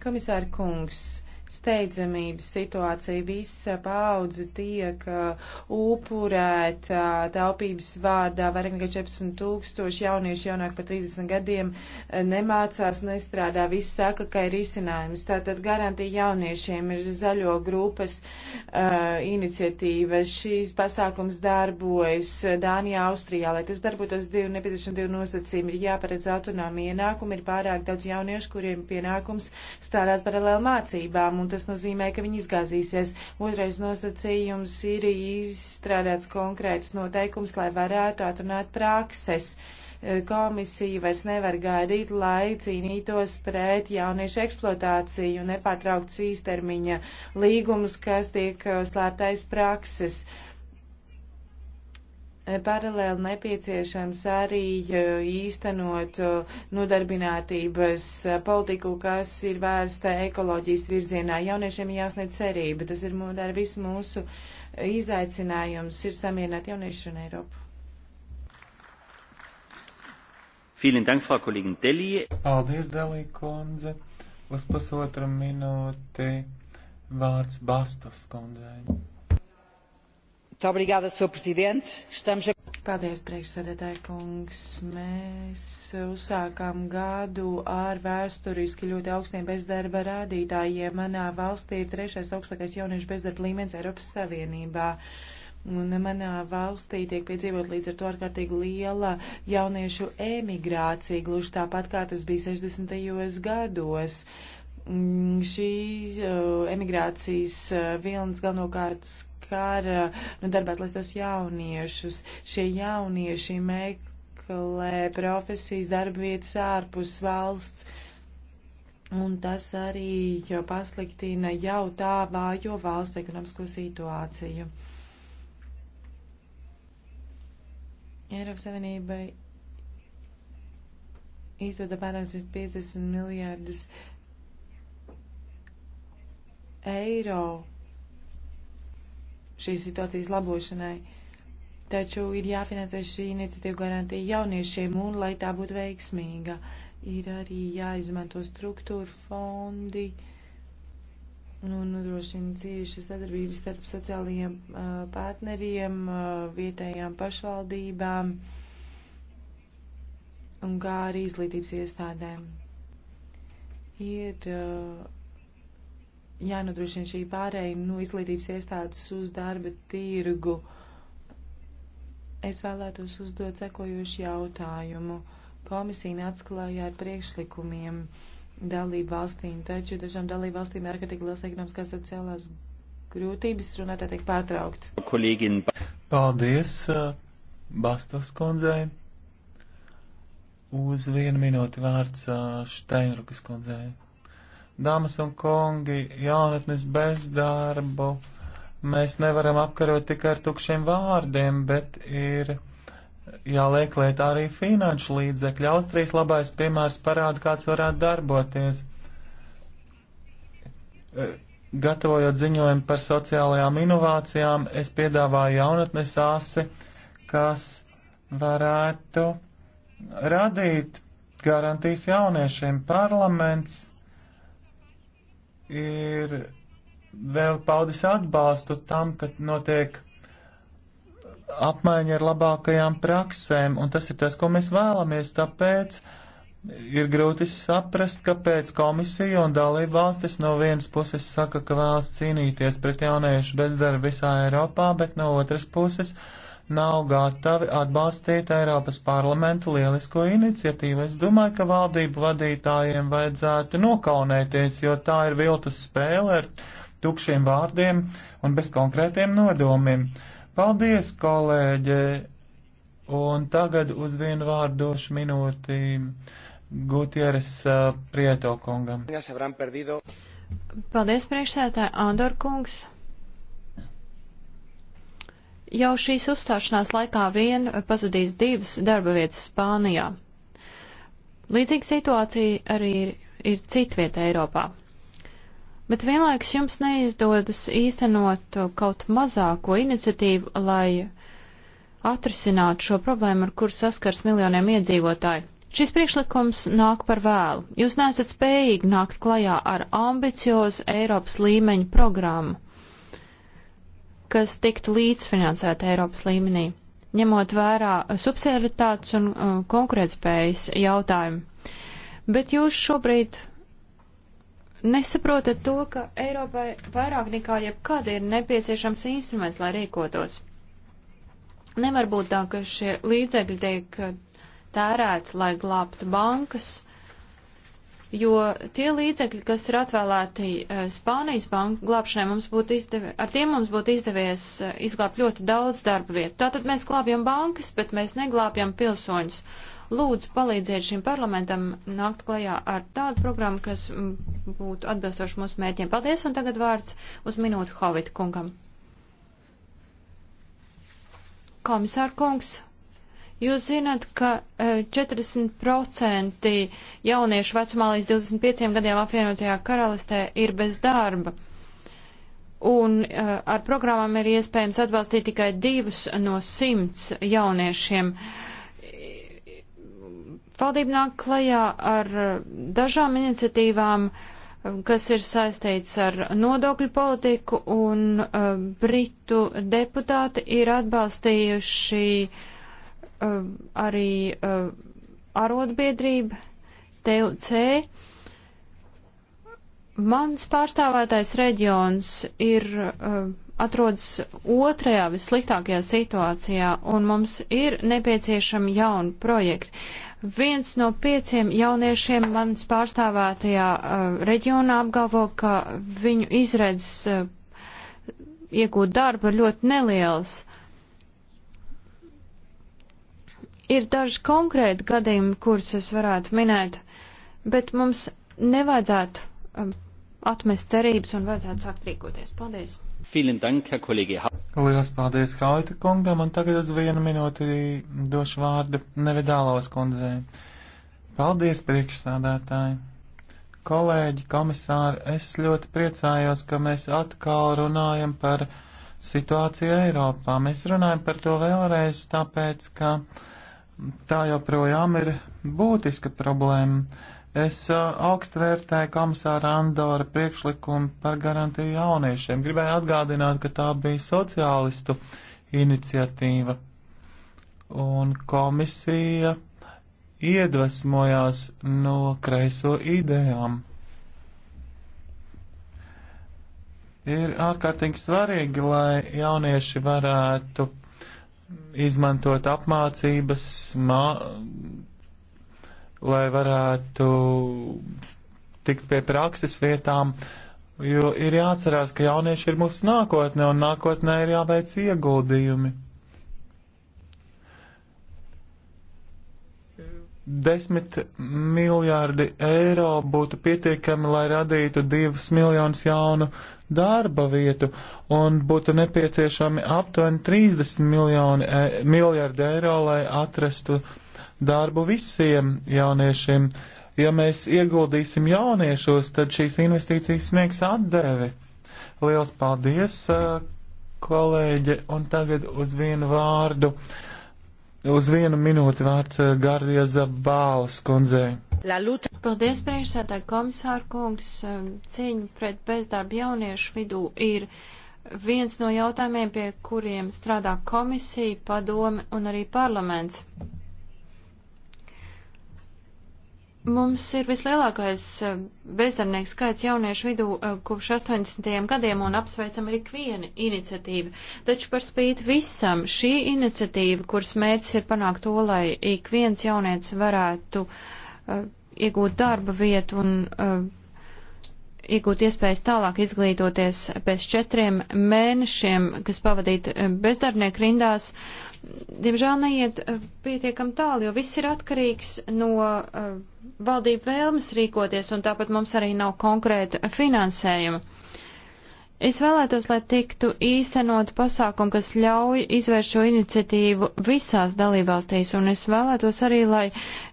Komisāri kungs, steidzamības situācija. Visa paudze tiek uh, upurēta taupības vārdā. Vairāk nekā 14 tūkstoši jaunieši jaunāk par 30 gadiem uh, nemācās, nestrādā. Viss saka, ka ir izcinājums. Tātad garantija jauniešiem ir zaļo grupas uh, iniciatīva. Šīs pasākums darbojas Dānijā, Austrijā. Lai tas darbotos divi nepieciešami divi nosacījumi, ir jāparedz autonomija ienākumi. Ir pārāk daudz jauniešu, kuriem pienākums strādāt paralēli mācībām un tas nozīmē, ka viņi izgāzīsies. Otrais nosacījums ir izstrādāts konkrēts noteikums, lai varētu atrunāt prakses. E, Komisija vairs nevar gaidīt, lai cīnītos pret jauniešu eksploatāciju un nepārtraukts īstermiņa līgumus, kas tiek e, slēptais prakses. Uh, Paralēli nepieciešams arī e, īstenot e, nodarbinātības e, politiku, kas ir vērsta ekoloģijas virzienā. Jauniešiem jāsniedz cerība. Tas ir mūdēr visu mūsu izaicinājums ir samierināt jauniešu un Eiropu. Paldies, Delī kundze. Uz pusotru minūti vārds Bastos kundzei. Paldies, priekšsēdētāji kungs. Mēs uzsākām gadu ar vēsturiski ļoti augstiem bezdarba rādītājiem. Manā valstī ir trešais augstākais jauniešu bezdarba līmenis Eiropas Savienībā. Un manā valstī tiek piedzīvot līdz ar to ārkārtīgi liela jauniešu emigrācija, gluži tāpat kā tas bija 60. gados. Mm, Šī uh, emigrācijas uh, vilnis galvenokārt skar nodarbētlēstos nu, jauniešus. Šie jaunieši meklē profesijas darbvietas ārpus valsts. Un tas arī jau pasliktina jau tā vājo valsts ekonomisko situāciju. Eiropas Savienībai izdod apmēram 150 miljārdus eiro šīs situācijas labošanai. Taču ir jāfinansē šī iniciatīva garantija jauniešiem un, lai tā būtu veiksmīga, ir arī jāizmanto struktūra fondi nu, nodrošina cieši sadarbības starp sociālajiem uh, partneriem, uh, vietējām pašvaldībām un kā arī izglītības iestādēm. Ir uh, jānodrošina šī pārēja no izglītības iestādes uz darba tirgu. Es vēlētos uzdot sekojošu jautājumu. Komisija atklāja ar priekšlikumiem dalību valstīm, taču dažām dalību valstīm ir ārkārtīgi liels ekonomiskās sociālās grūtības runātāji tiek pārtraukt. Kolēģin. Paldies, uh, Bastos kundzei. Uz vienu minūti vārds Šteinrukas uh, kundzei. Dāmas un kungi, jaunatnes bezdarbu mēs nevaram apkarot tikai ar tukšiem vārdiem, bet ir jāliek lietā arī finanšu līdzekļi. Austrijas labais piemērs parāda, kāds varētu darboties. E, gatavojot ziņojumu par sociālajām inovācijām, es piedāvāju jaunatnes asi, kas varētu radīt garantijas jauniešiem. Parlaments ir vēl paudis atbalstu tam, ka notiek apmaiņa ar labākajām praksēm, un tas ir tas, ko mēs vēlamies. Tāpēc ir grūti saprast, kāpēc komisija un dalība valstis no vienas puses saka, ka vēlas cīnīties pret jauniešu bezdarbu visā Eiropā, bet no otras puses. Uh, nav gatavi atbalstīt Eiropas parlamentu lielisko iniciatīvu. Es domāju, ka valdību vadītājiem vajadzētu nokaunēties, jo tā ir viltus spēle ar tukšiem vārdiem un bez konkrētiem nodomiem. Paldies, kolēģi! Un tagad uz vienu vārdu došu minūti Gutieres uh, Prieto kungam. Paldies, priekšsētāji Andor kungs! Jau šīs uzstāšanās laikā vien pazudīs divas darba vietas Spānijā. Līdzīga situācija arī ir, ir citvieta Eiropā. Bet vienlaiks jums neizdodas īstenot kaut mazāko iniciatīvu, lai atrisināt šo problēmu, ar kur saskars miljoniem iedzīvotāju. Šis priekšlikums nāk par vēlu. Jūs nesat spējīgi nākt klajā ar ambiciozu Eiropas līmeņu programmu kas tiktu līdzfinansēta Eiropas līmenī, ņemot vērā subsidiaritātes un uh, konkurētspējas jautājumu. Bet jūs šobrīd nesaprotat to, ka Eiropai vairāk nekā jebkad ir nepieciešams instruments, lai rīkotos. Nevar būt tā, ka šie līdzekļi tiek tērēti, lai glābtu bankas, jo tie līdzekļi, kas ir atvēlēti eh, Spānijas banku glābšanai, mums būtu izdevi, ar tiem mums būtu izdevies eh, izglābt ļoti daudz darba vietu. Tātad mēs glābjam bankas, bet mēs neglābjam pilsoņus. Lūdzu, palīdziet šim parlamentam nākt klajā ar tādu programmu, kas mm, būtu atbilstoši mūsu mērķiem. Paldies, un tagad vārds uz minūtu Hovita kungam. Komisār kungs, Jūs zināt, ka 40% e, jauniešu vecumā līdz 25 gadiem apvienotajā karalistē ir bez darba. Un e, ar programmām ir iespējams atbalstīt tikai divus no simts jauniešiem. Valdība nāk klajā ar dažām iniciatīvām, kas ir saistīts ar nodokļu politiku, un e, Britu deputāti ir atbalstījuši uh, uh, arī uh, arotbiedrība TUC. Mans pārstāvētais reģions ir uh, atrodas otrajā vissliktākajā situācijā, un mums ir nepieciešami jauni projekti. Viens no pieciem jauniešiem manas pārstāvētajā uh, reģionā apgalvo, ka viņu izredzes uh, iegūt darbu ir ļoti nelielas. Ir daži konkrēti gadījumi, kurus es varētu minēt, bet mums nevajadzētu um, atmest cerības un vajadzētu sākt rīkoties. Paldies! Lielas paldies Haita kungam, un tagad uz vienu minūti došu vārdu Nevidālovas kundzei. Paldies, priekšsādātāji! Kolēģi, komisāri, es ļoti priecājos, ka mēs atkal runājam par situāciju Eiropā. Mēs runājam par to vēlreiz, tāpēc, ka tā joprojām ir būtiska problēma. Es uh, augstu vērtēju komisāra Andora priekšlikumu par garantiju jauniešiem. Gribēju atgādināt, ka tā bija sociālistu iniciatīva. Un komisija iedvesmojās no kreiso idejām. Ir ārkārtīgi svarīgi, lai jaunieši varētu izmantot apmācības, mā, lai varētu tikt pie prakses vietām, jo ir jāatcerās, ka jaunieši ir mūsu nākotne un nākotnē ir jāveic ieguldījumi. 10 miljārdi eiro būtu pietiekami, lai radītu 2 miljonus jaunu darba vietu, un būtu nepieciešami aptuveni 30 miljoni, e, miljardi eiro, lai atrastu darbu visiem jauniešiem. Ja mēs ieguldīsim jauniešos, tad šīs investīcijas sniegs atdevi. Liels paldies, e, kolēģi, un tagad uz vienu vārdu. Uh, Uz vienu minūti vārds eh, Gardija Zabālas kundzei. Paldies, priekšsēdētāji komisāra kungs. Cīņa pret bezdarbu jauniešu vidū ir viens no jautājumiem, pie kuriem strādā komisija, padome un arī parlaments. Mums ir vislielākais eh, bezdarbnieku skaits jauniešu vidū eh, kopš 80. gadiem un apsveicam arī ikvienu iniciatīvu. Taču par spīti visam šī iniciatīva, kuras mērķis ir panākt to, lai ik viens jaunietis varētu uh, iegūt darba vietu un uh, iegūt iespējas tālāk izglītoties pēc četriem mēnešiem, kas pavadīt bezdarbnieku rindās, uh, diemžēl neiet eh, pietiekam tālu, jo viss ir atkarīgs no uh, valdību vēlmes rīkoties, un tāpat mums arī nav konkrēta finansējuma. Es vēlētos, lai tiktu īstenot pasākumu, kas ļauj izvērst šo iniciatīvu visās dalībvalstīs, un es vēlētos arī, lai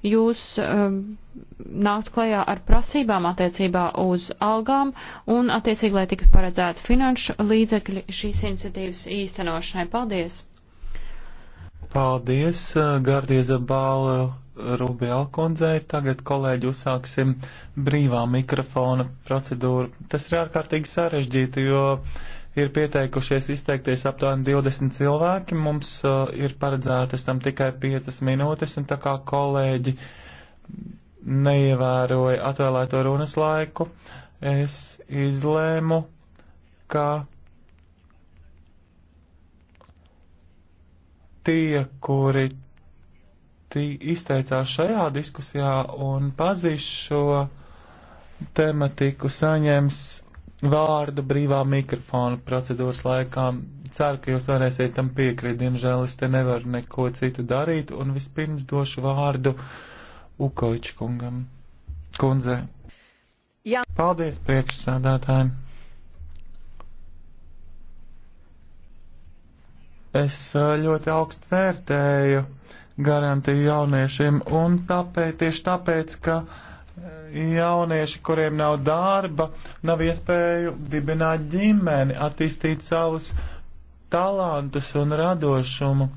jūs um, nākt klajā ar prasībām attiecībā uz algām un attiecīgi, lai tiktu paredzēti finanšu līdzekļi šīs iniciatīvas īstenošanai. Paldies! Paldies, Gardieza Bāla Rubjāla kundzei. Tagad, kolēģi, uzsāksim brīvā mikrofona procedūru. Tas ir ārkārtīgi sarežģīti, jo ir pieteikušies izteikties aptuveni 20 cilvēki. Mums uh, ir paredzētas tam tikai 5 minūtes, un tā kā kolēģi neievēroja atvēlēto runas laiku, es izlēmu, ka tie, kuri izteicās šajā diskusijā un pazīs šo tematiku, saņems vārdu brīvā mikrofona procedūras laikā. Ceru, ka jūs varēsiet tam piekrīt. Diemžēl es te nevaru neko citu darīt, un vispirms došu vārdu Ukoičkungam. Kundze. Jā. Paldies priekšsādātājiem. Es ļoti augstu vērtēju garantiju jauniešiem, un tāpēc, tieši tāpēc, ka jaunieši, kuriem nav darba, nav iespēju dibināt ģimeni, attīstīt savus talantus un radošumu.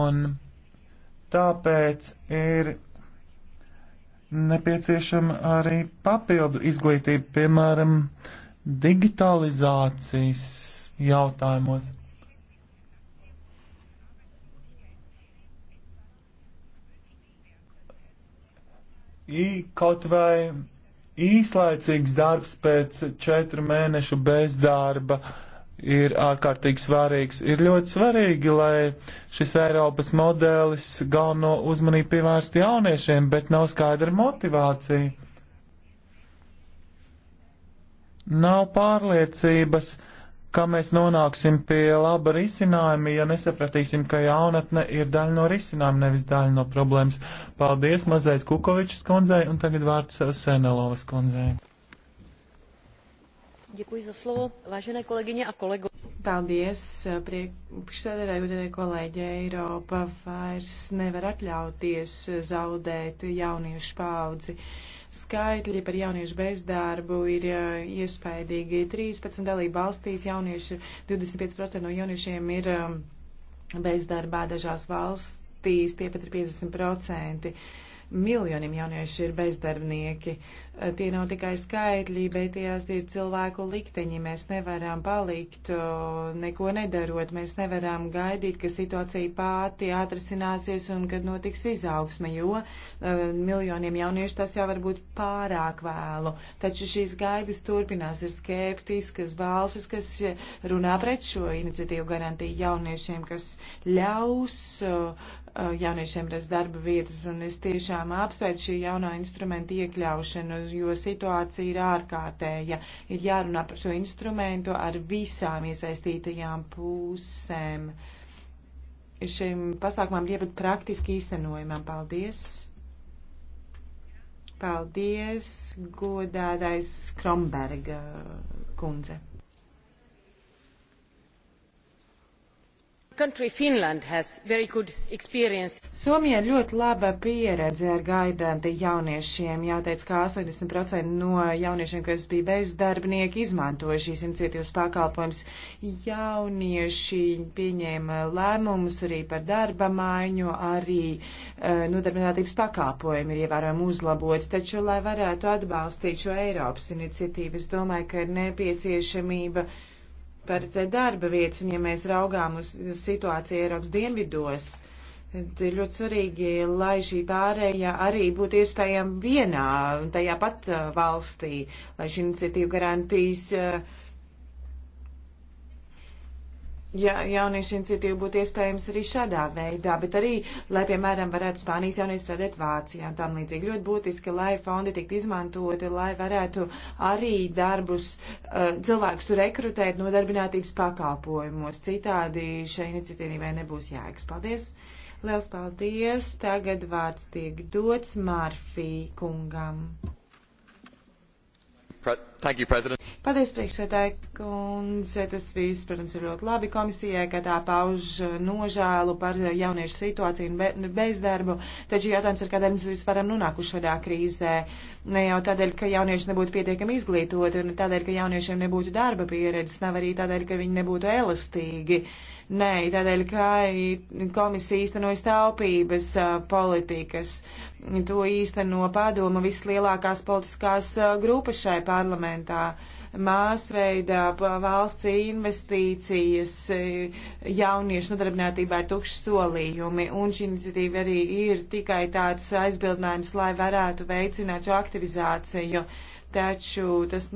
Un tāpēc ir nepieciešama arī papildu izglītība, piemēram, digitalizācijas jautājumos. kaut vai īslaicīgs darbs pēc četru mēnešu bezdarba ir ārkārtīgi svarīgs. Ir ļoti svarīgi, lai šis Eiropas modelis galveno uzmanību pievērst jauniešiem, bet nav skaidra motivācija. Nav pārliecības kā mēs nonāksim pie laba risinājuma, ja nesapratīsim, ka jaunatne ir daļa no risinājuma, nevis daļa no problēmas. Paldies mazais Kukovičs kundzei un tagad vārds Senelovas kundzei. Děkuji za slovo, vážené kolegyně a kolego. Paldies, priekšsēdētāji, gudrie kolēģi. Eiropa vairs nevar atļauties zaudēt jauniešu paudzi. Uh, Skaitļi par jauniešu bezdarbu ir iespaidīgi. 13 dalība valstīs jaunieši, 25% no jauniešiem ir bezdarbā dažās valstīs, tie pat ir 50% miljoniem jauniešu ir bezdarbnieki. Eh, tie nav tikai skaitļi, bet tās ir cilvēku likteņi. Mēs nevaram palikt, neko nedarot. Mēs nevaram gaidīt, ka situācija pati atrisināsies un kad notiks izaugsme, jo eh, miljoniem jauniešu tas jau var būt pārāk vēlu. Taču šīs gaidas turpinās. Ir skeptiskas balsis, kas eh, runā pret šo iniciatīvu garantiju jauniešiem, kas ļaus uh, Uh, jauniešiem rast darba vietas, un es tiešām apsveicu šī jaunā instrumenta iekļaušanu, jo situācija ir ārkārtēja. Ir jārunā par šo instrumentu ar visām iesaistītajām pusēm. Šim pasākumam jābūt praktiski īstenojumam. Paldies! Paldies, godādais Kromberga kundze! country Finland has very good experience. Somija ir ļoti laba pieredze ar gaidāti jauniešiem. Jāteic, ka 80% no jauniešiem, kas bija bezdarbnieki, izmantoja šīs iniciatīvas pakalpojums. Jaunieši pieņēma lēmumus arī par darba maiņu, arī uh, nodarbinātības pakalpojumi ir ievērojami uzlaboti. Taču, lai varētu atbalstīt šo Eiropas iniciatīvu, es domāju, ka ir nepieciešamība uh, paredzēt darba vietas, un ja mēs raugām uz, uz situāciju Eiropas dienvidos, tad ir ļoti svarīgi, lai šī pārējā arī būtu iespējama vienā un tajā pat uh, valstī, lai šī iniciatīva garantīs uh, ja, jauniešu iniciatīvu būtu iespējams arī šādā veidā, bet arī, lai, piemēram, varētu Spānijas jaunieši strādāt Vācijā un tam līdzīgi. Ļoti būtiski, lai fondi tiktu izmantoti, lai varētu arī darbus, eh, cilvēkus rekrutēt nodarbinātības pakalpojumos. Citādi šai iniciatīvai nebūs jēgas. Paldies! Liels paldies! Tagad vārds tiek dots Marfī kungam. Thank you, President. Paldies, priekšsēdētāji kundze. Tas viss, protams, ir ļoti labi komisijai, ka tā pauž nožēlu par jauniešu situāciju un be, bezdarbu. Taču jautājums ir, kādēļ mēs vispār nonākuši šādā krīzē. Ne jau tādēļ, ka jaunieši nebūtu pietiekami izglītoti, un tādēļ, ka jauniešiem nebūtu darba pieredzes, nav arī tādēļ, ka viņi nebūtu elastīgi. Nē, tādēļ, ka komisija īstenojas taupības politikas. Uh, To īsteno padoma vislielākās politiskās grupas šai parlamentā. Māsveidā valsts investīcijas jauniešu nodarbinātībā ir tukši solījumi, un šī iniciatīva arī ir tikai tāds aizbildinājums, lai varētu veicināt šo aktivizāciju. Taču tas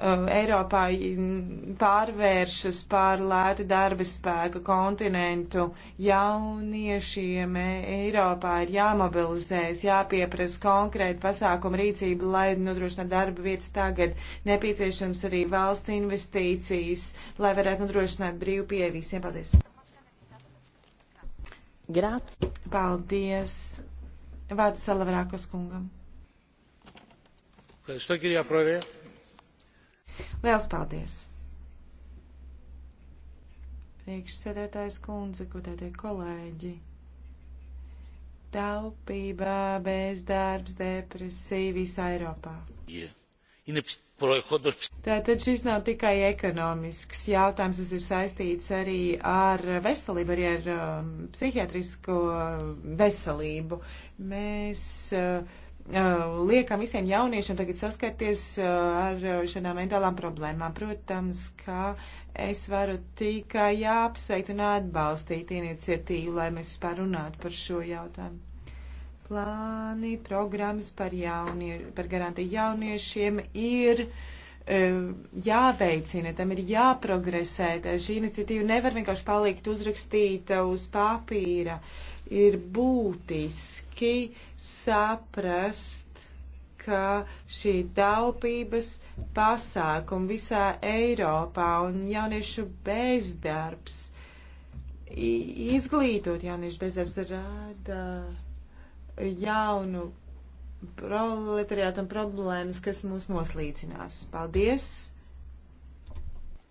Uh, Eiropā pārvēršas pār lēti darba spēka kontinentu. Jauniešiem e, Eiropā ir jāmobilizējas, jāpieprasa konkrēti pasākumu rīcība, lai nodrošinātu darba vietas tagad. Nepieciešams arī valsts investīcijas, lai varētu nodrošināt brīvu pieeju visiem. Paldies! Grāts. Paldies! Vārds Salavrākos kungam. Paldies, Kirjā Prodirē. Liels paldies! Priekšsēdētājs kundze, godētie kolēģi! Taupība, bezdarbs, depresija visā Eiropā. Yeah. Tātad šis nav tikai ekonomisks jautājums, tas ir saistīts arī ar veselību, arī ar um, psihiatrisko veselību. Mēs uh, Uh, liekam visiem jauniešiem tagad saskarties uh, ar uh, šādām mentālām problēmām. Protams, ka es varu tikai apsveikt un atbalstīt iniciatīvu, lai mēs vispār runātu par šo jautājumu. Plāni, programmas par, jaunie, par garantiju jauniešiem ir jāveicina, tam ir jāprogresē. Šī iniciatīva nevar vienkārši palikt uzrakstīta uz papīra. Uh, ir būtiski saprast, ka šī taupības pasākuma visā Eiropā un jauniešu bezdarbs, izglītot jauniešu bezdarbs rada jaunu proletariātu un problēmas, kas mūs noslīcinās. Paldies!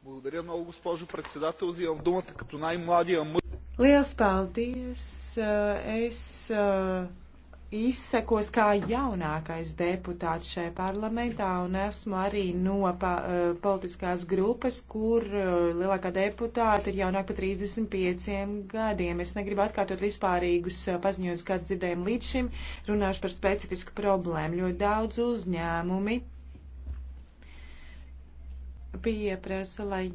Благодаря много, госпожо председател. Взимам думата като най-младия мъж. Liels paldies! Eh, es eh, izsekos kā jaunākais deputāts šajā parlamentā un esmu arī no eh, politiskās grupas, kur lielākā deputāta ir jaunāk par 35 gadiem. Es negribu atkārtot vispārīgus paziņojumus, kāds dzirdējām līdz šim, runāšu par specifisku problēmu, jo daudz uzņēmumi pieprasa, lai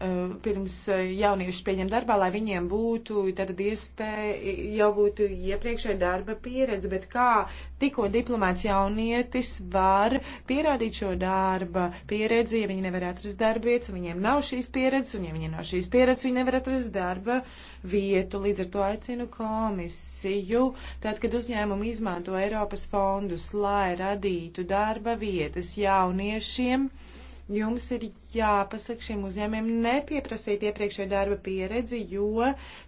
Eh, pirms eh, jauniešus pieņem darbā, lai viņiem būtu tātad iespēja, jau būtu iepriekšēja darba pieredze, bet kā tikko diplomāts jaunietis var pierādīt šo darba pieredzi, ja viņi nevar atrast darba vietas, viņiem nav šīs pieredzes, un ja viņiem nav šīs pieredzes, viņi nevar atrast darba vietu. Līdz ar to aicinu komisiju, tad, kad uzņēmumi izmanto Eiropas fondus, lai radītu darba vietas jauniešiem, uh, Jums ir jāpasaka šiem uzņēmiem nepieprasīt iepriekšēju darba pieredzi, jo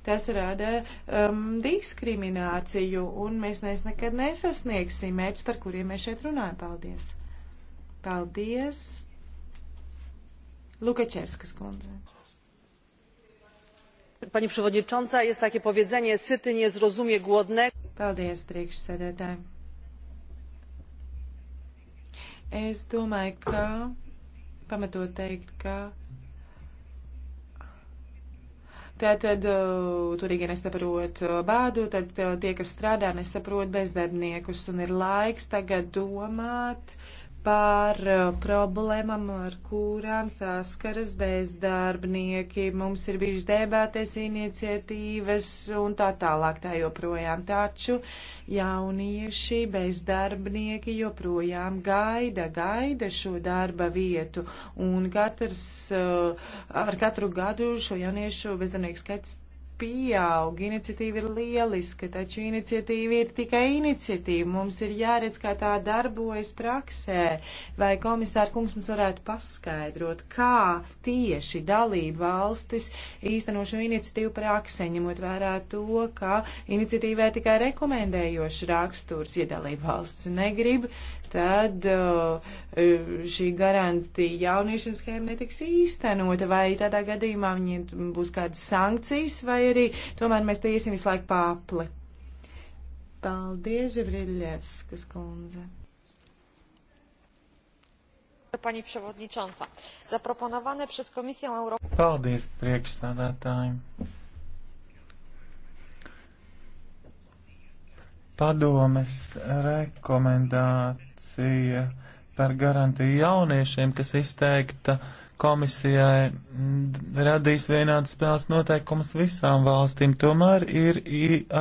tas rada um, diskrimināciju, un mēs nes nekad nesasniegsim mērķus, par kuriem mēs šeit runājam. Paldies! Paldies! Lukačevskas kundze pani przewodnicząca! jest takie powiedzenie syty nie zrozumie głodnego. paldies priekšsēdētāj. es domāju ka pamatot teikt, ka Tātad uh, turīgi nesaprot uh, bādu, tad uh, tie, kas strādā, nesaprot bezdarbniekus un ir laiks tagad domāt. Uh, par uh, problēmām, ar kurām saskaras bezdarbnieki. Mums ir bijuši debēties iniciatīvas un tā tālāk tā joprojām. Taču jaunieši bezdarbnieki joprojām gaida, gaida šo darba vietu. Un katrs, uh, ar katru gadu šo jauniešu bezdarbnieku skaits pieaug. Iniciatīva ir lieliska, taču iniciatīva ir tikai iniciatīva. Mums ir jāredz, kā tā darbojas praksē. Vai komisāra kungs mums varētu paskaidrot, kā tieši dalība valstis īsteno šo iniciatīvu praksē, ņemot vērā to, ka iniciatīvai tikai rekomendējošs raksturs, ja dalība valsts negrib tad uh, šī garantija jauniešiem schēma netiks īstenota, vai tādā gadījumā viņiem būs kādas sankcijas, vai arī tomēr mēs te iesim visu laiku pāpli. Paldies, Živriļievskas kundze. Pani przewodnicząca, zaproponowane przez Komisję Europejską. Paldies, priekšsādātājiem. padomes rekomendācija par garantiju jauniešiem, kas izteikta komisijai, radīs vienādas spēles noteikumus visām valstīm. Tomēr ir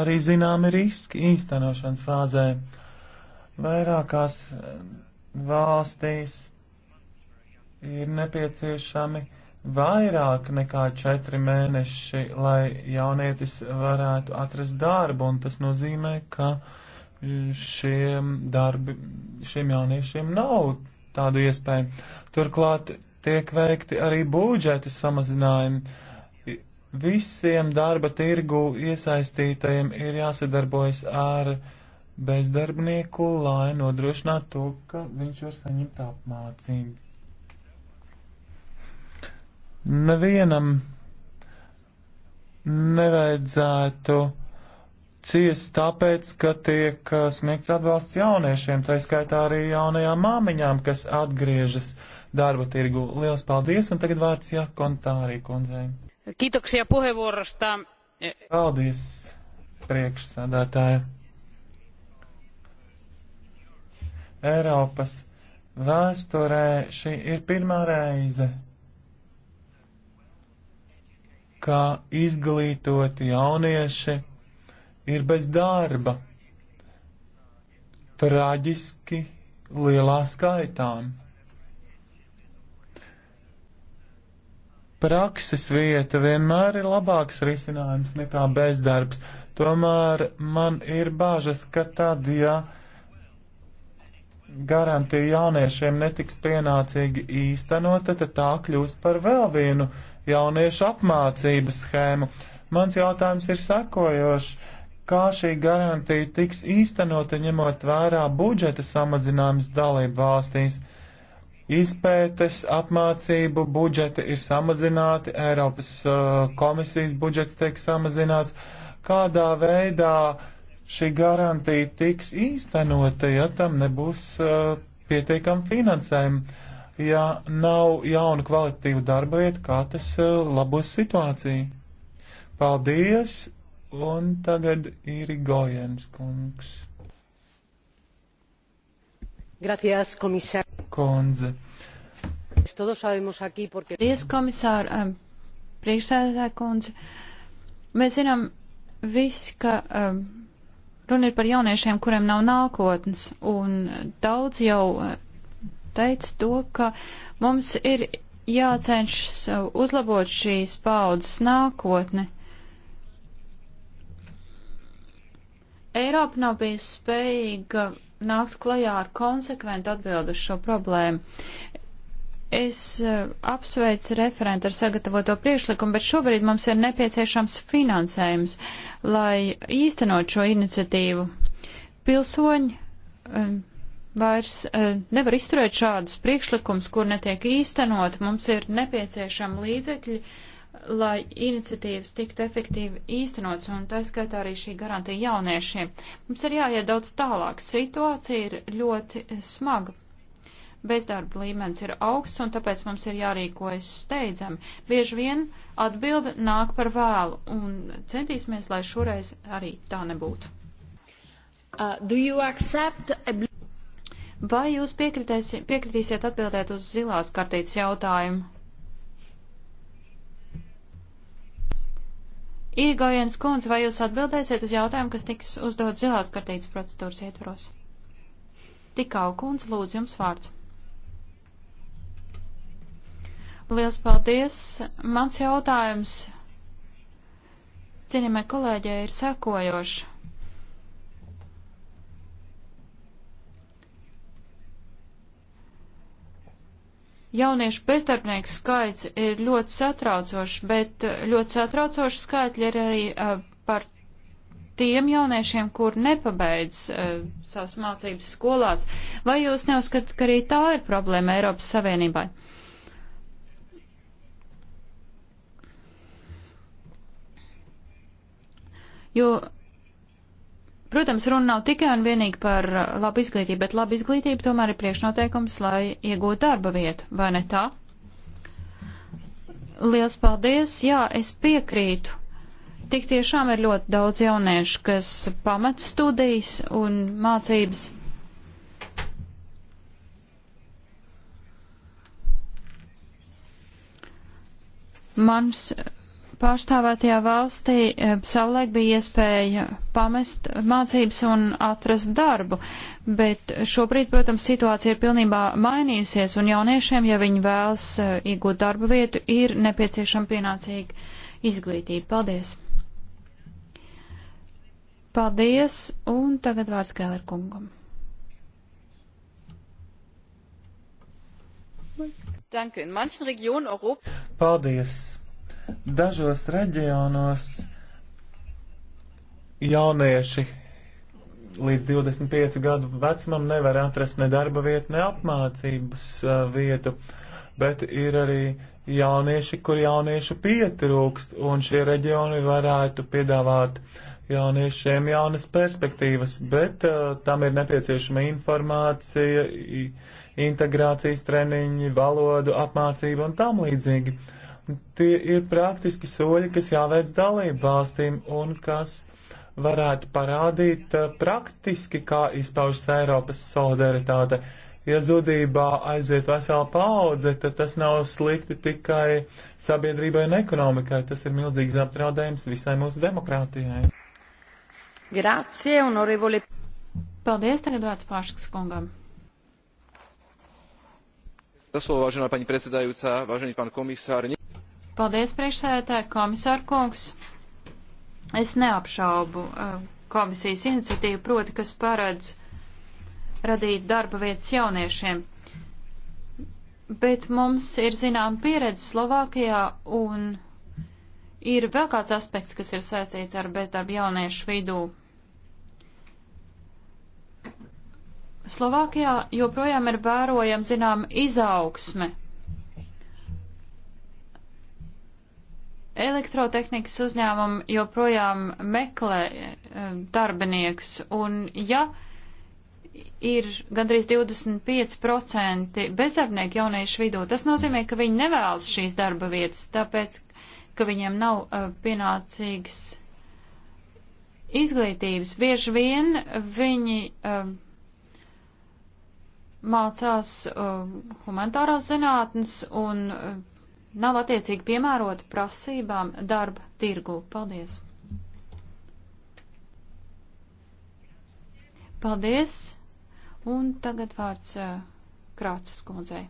arī zināmi riski īstenošanas fāzē. Vairākās valstīs ir nepieciešami vairāk nekā četri mēneši, lai jaunietis varētu atrast darbu, un tas nozīmē, ka šiem, darbi, šiem jauniešiem nav tādu iespēju. Turklāt tiek veikti arī budžetu samazinājumi. Visiem darba tirgu iesaistītajiem ir jāsadarbojas ar bezdarbnieku, lai nodrošinātu to, ka viņš var saņemt apmācību. Nevienam nevajadzētu ciest tāpēc, ka tiek uh, sniegts atbalsts jauniešiem, tā skaitā arī jaunajām māmiņām, kas atgriežas darba tirgu. Lielas paldies, un tagad vārds Jakontārī kundzei. Kitoksia puheenvuorosta. Paldies, priekšsādātāja. Eiropas vēsturē šī ir pirmā reize, ka izglītoti jaunieši ir bez darba, traģiski lielā skaitā. Prakses vieta vienmēr ir labāks risinājums nekā bezdarbs, tomēr man ir bāžas, ka tad, ja garantija jauniešiem netiks pienācīgi īstenota, tad tā kļūst par vēl vienu uh, jauniešu apmācības schēmu. Mans jautājums ir sakojošs. Kā šī garantija tiks īstenota ņemot vērā budžeta samazinājums dalību valstīs? Izpētes, apmācību budžeti ir samazināti, Eiropas uh, komisijas budžets tiek samazināts. Kādā veidā šī garantija tiks īstenota, ja tam nebūs uh, pietiekama finansējuma? ja nav jaunu kvalitatīvu darba vietu, kā tas eh, labos situāciju. Paldies, un tagad ir Gojens kungs. Gracias, komisār. Konze. Todos sabemos aquí porque... Paldies, komisār, eh, priekšsēdētāja kundze. Mēs zinām visi, ka um, runa ir par jauniešiem, kuriem nav nākotnes, un daudz jau teica to, ka mums ir jācenšas uzlabot šīs paudzes nākotni. Eiropa nav bijusi spējīga nākt klajā ar konsekventu atbildu uz šo problēmu. Es uh, apsveicu referentu ar sagatavoto priekšlikumu, bet šobrīd mums ir nepieciešams finansējums, lai īstenot šo iniciatīvu. Pilsoņi um, vairs eh, nevar izturēt šādus priekšlikumus, kur netiek īstenot. Mums ir nepieciešama līdzekļi, lai iniciatīvas tiktu efektīvi īstenots, un tā skaitā arī šī garantija jauniešiem. Mums ir jāiet daudz tālāk. Situācija ir ļoti smaga. Bezdarba līmenis ir augsts, un tāpēc mums ir jārīkojas steidzami. Bieži vien atbilde nāk par vēlu, un centīsimies, lai šoreiz arī tā nebūtu. Uh, Vai jūs piekritīsiet atbildēt uz zilās kartītes jautājumu? Īgojens kundze, vai jūs atbildēsiet uz jautājumu, kas tiks uzdot zilās kartītes procedūras ietvaros? Tikau kundze, lūdzu jums vārds. Liels paldies. Mans jautājums, cienījamai kolēģei, ir sekojošs. Jauniešu bezdarbnieku skaits ir ļoti satraucošs, bet ļoti satraucoši skaitļi ir arī uh, par tiem jauniešiem, kur nepabeidz uh, savas mācības skolās. Vai jūs neuzskatāt, ka arī tā ir problēma Eiropas Savienībai? Jo Protams, runa nav tikai un vienīgi par uh, labu izglītību, bet laba izglītība tomēr ir priekšnoteikums, lai iegūtu darba vietu, vai ne tā? Liels paldies! Jā, es piekrītu. Tik tiešām ir ļoti daudz jauniešu, kas pamat studijas un mācības. Mans pārstāvētajā valstī e, savulaik bija iespēja pamest mācības un atrast darbu, bet šobrīd, protams, situācija ir pilnībā mainījusies, un jauniešiem, ja viņi vēlas e, iegūt darba vietu, ir nepieciešama pienācīga izglītība. Paldies! Paldies, un tagad vārds Gēler kungam. Paldies! Dažos reģionos jaunieši līdz 25 gadu vecumam nevar atrast ne darba vietu, ne apmācības uh, vietu, bet ir arī jaunieši, kur jauniešu pietrūkst, un šie reģioni varētu piedāvāt jauniešiem jaunas perspektīvas, bet uh, tam ir nepieciešama informācija, integrācijas treniņi, valodu apmācība un tam līdzīgi. Uh, Tie ir praktiski soļi, kas jāveic dalību valstīm un kas varētu parādīt eh, praktiski, kā izpaužas Eiropas solidaritāte. Ja zudībā aiziet vesela paudze, tad tas nav slikti tikai sabiedrībai un ekonomikai. Tas ir milzīgs apdraudējums visai mūsu demokrātijai. Grācie, honorevoli. Paldies, tagad vārds Pārškas kungam. Slovo, vážená pani predsedajúca, vážený pán komisár. Paldies, priekšsēdētāji, komisāra kungs. Es neapšaubu uh, komisijas iniciatīvu, proti, kas paredz radīt darba vietas jauniešiem. Bet mums ir zinām pieredze Slovākijā un ir vēl kāds aspekts, kas ir saistīts ar bezdarbu jauniešu vidū. Slovākijā joprojām ir vērojama zinām izaugsme Elektrotehnikas uzņēmumi joprojām meklē e, darbiniekus, un ja ir gandrīz 25% bezdarbnieku jauniešu vidū, tas nozīmē, ka viņi nevēlas šīs darba vietas, tāpēc, ka viņiem nav e, pienācīgas izglītības. Bieži vien viņi e, mācās humanitārās zinātnes un nav attiecīgi piemērota prasībām darba tirgu. Paldies! Paldies! Un tagad vārds eh, Krācis kundzei.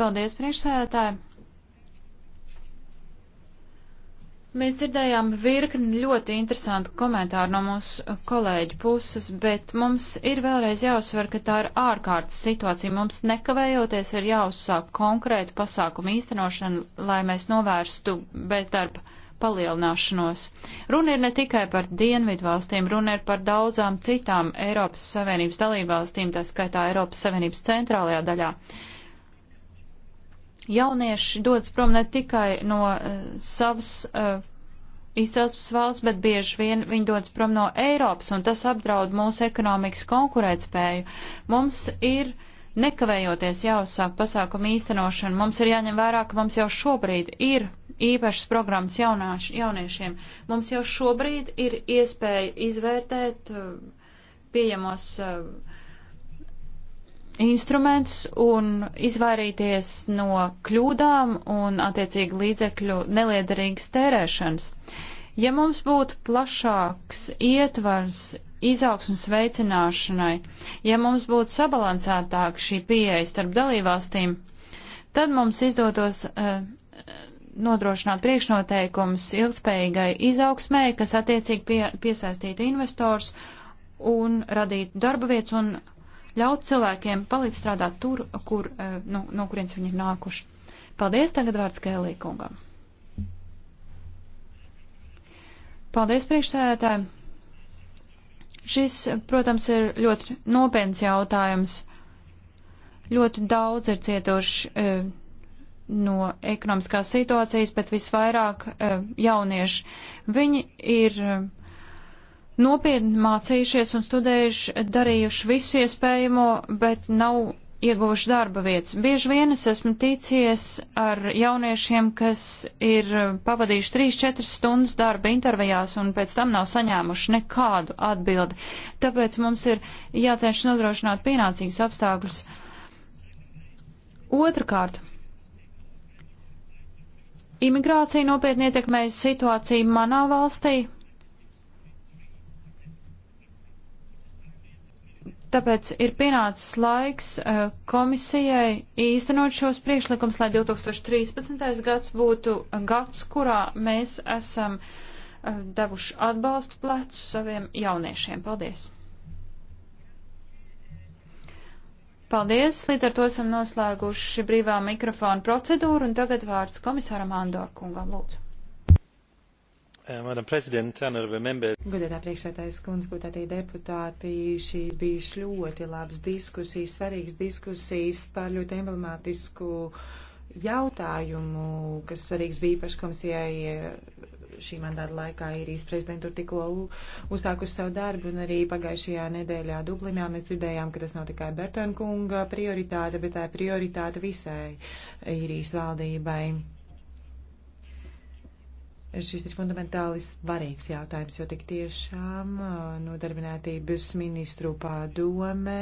Paldies, priekšsēdētāji! Mēs dzirdējām virkni ļoti interesantu komentāru no mūsu kolēģu puses, bet mums ir vēlreiz jāuzsver, ka tā ir ārkārtas situācija. Mums nekavējoties ir jāuzsāk konkrēta pasākuma īstenošana, lai mēs novērstu bezdarba palielināšanos. Runa ir ne tikai par dienvidu valstīm, runa ir par daudzām citām Eiropas Savienības dalībvalstīm, tā skaitā Eiropas Savienības centrālajā daļā. Uh, jaunieši dodas prom ne tikai no uh, savas uh, izcelsmes valsts, bet bieži vien viņi dodas prom no Eiropas, un tas apdraud mūsu ekonomikas konkurētspēju. Mums ir nekavējoties jāuzsāk pasākumu īstenošanu. Mums ir jāņem vērā, ka mums jau šobrīd ir īpašas programmas jaunāš, jauniešiem. Mums jau šobrīd ir iespēja izvērtēt uh, pieejamos uh, instruments un izvairīties no kļūdām un attiecīgi līdzekļu neliederīgas tērēšanas. Ja mums būtu plašāks ietvars izaugsmas veicināšanai, ja mums būtu sabalansētāk šī pieeja starp dalībvalstīm, tad mums izdotos uh, nodrošināt priekšnoteikumus ilgspējīgai izaugsmai, kas attiecīgi pie, piesaistītu investors un radītu darba vietas un ļaut cilvēkiem palīdz strādāt tur, kur, eh, nu, no kurienes viņi ir nākuši. Paldies tagad vārds Kēlī kungam. Paldies priekšsēdētājiem. Šis, protams, ir ļoti nopietns jautājums. Ļoti daudz ir cietuši e, no ekonomiskās situācijas, bet visvairāk e, jaunieši. Viņi ir. E, nopietni mācījušies un studējuši, darījuši visu iespējamo, bet nav ieguvuši darba vietas. Bieži vien es esmu ticies ar jauniešiem, kas ir pavadījuši 3-4 stundas darba intervijās un pēc tam nav saņēmuši nekādu atbildi. Tāpēc mums ir jācenšas nodrošināt pienācīgus apstākļus. Otrakārt, imigrācija nopietni ietekmējas situāciju manā valstī, Tāpēc ir pienācis laiks eh, komisijai īstenot šos priekšlikums, lai 2013. gads būtu gads, kurā mēs esam eh, devuši atbalstu plecu saviem jauniešiem. Paldies! Paldies! Līdz ar to esam noslēguši brīvā mikrofona procedūru un tagad vārds komisāram Andorkungam. Lūdzu! Eh, Godētā priekšsētājas kundze, godētie deputāti, šī bija ļoti labas diskusijas, svarīgas diskusijas par ļoti emblemātisku jautājumu, kas svarīgs bija paškomisijai eh, šī mandāta laikā. Irijas prezidentūra tikko uzsākusi savu darbu un arī pagājušajā nedēļā Dublinā mēs dzirdējām, ka tas nav tikai Bertona kunga prioritāte, bet tā ir prioritāte visai Irijas valdībai Šis ir fundamentāli svarīgs jautājums, jo tik tiešām nodarbinātības ministru pārdomē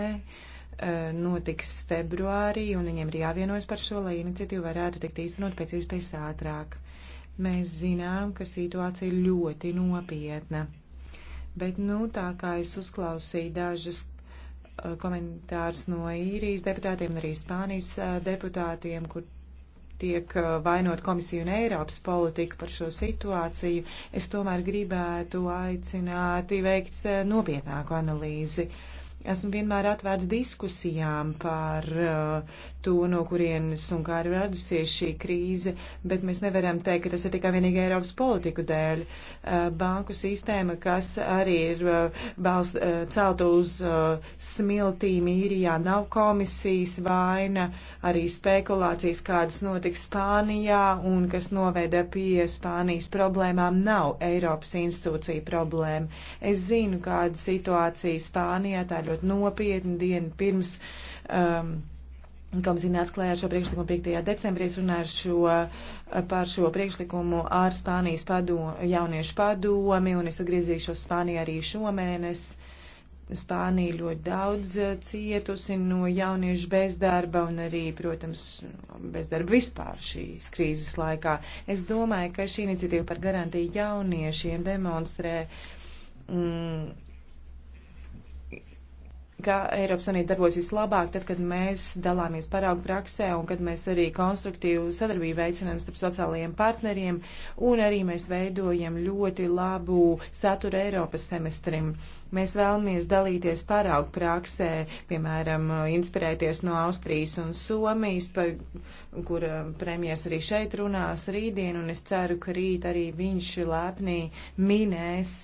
notiks februārī, un viņiem ir jāvienojas par šo, lai iniciatīva varētu tikt īstenot pēc iespējas ātrāk. Mēs zinām, ka situācija ir ļoti nopietna. Bet, nu, tā kā es uzklausīju dažas komentārus no īrijas deputātiem un arī Spānijas deputātiem, kur tiek vainot komisiju un Eiropas politiku par šo situāciju, es tomēr gribētu aicināt veikt nopietnāku analīzi. Uh, Esmu vienmēr atvērts diskusijām par uh, to, no kurienes un kā ir radusies šī krīze, bet mēs nevaram teikt, ka tas ir tikai vienīgi Eiropas politiku dēļ. Uh, banku sistēma, kas arī ir uh, balst, uh, celt uz uh, smiltīm īrijā, nav komisijas vaina, arī spekulācijas, kādas notiks Spānijā un kas noveda pie Spānijas problēmām, nav Eiropas institūcija problēma. Es zinu, kāda situācija Spānijā, tā ir ļoti nopietni dienu pirms. Um, Komisija nāca klajā ar šo priekšlikumu 5. decembrī. Es runāju šo, par šo priekšlikumu ar Spānijas padu, jauniešu padomi, un es atgriezīšos Spānijā arī šomēnes. Spānija ļoti daudz uh, cietusi no jauniešu bezdarba un arī, protams, bezdarba vispār šīs krīzes laikā. Es domāju, ka šī iniciatīva par garantiju jauniešiem demonstrē mm, ka Eiropas Savienība darbojas vislabāk, tad, kad mēs dalāmies paraugu praksē un kad mēs arī konstruktīvu sadarbību veicinām starp sociālajiem partneriem un arī mēs veidojam ļoti labu saturu Eiropas semestrim. Mēs vēlamies dalīties paraugu praksē, piemēram, inspirēties no Austrijas un Somijas, par, kur um, premjers arī šeit runās rītdien, un es ceru, ka rīt arī viņš lēpnī minēs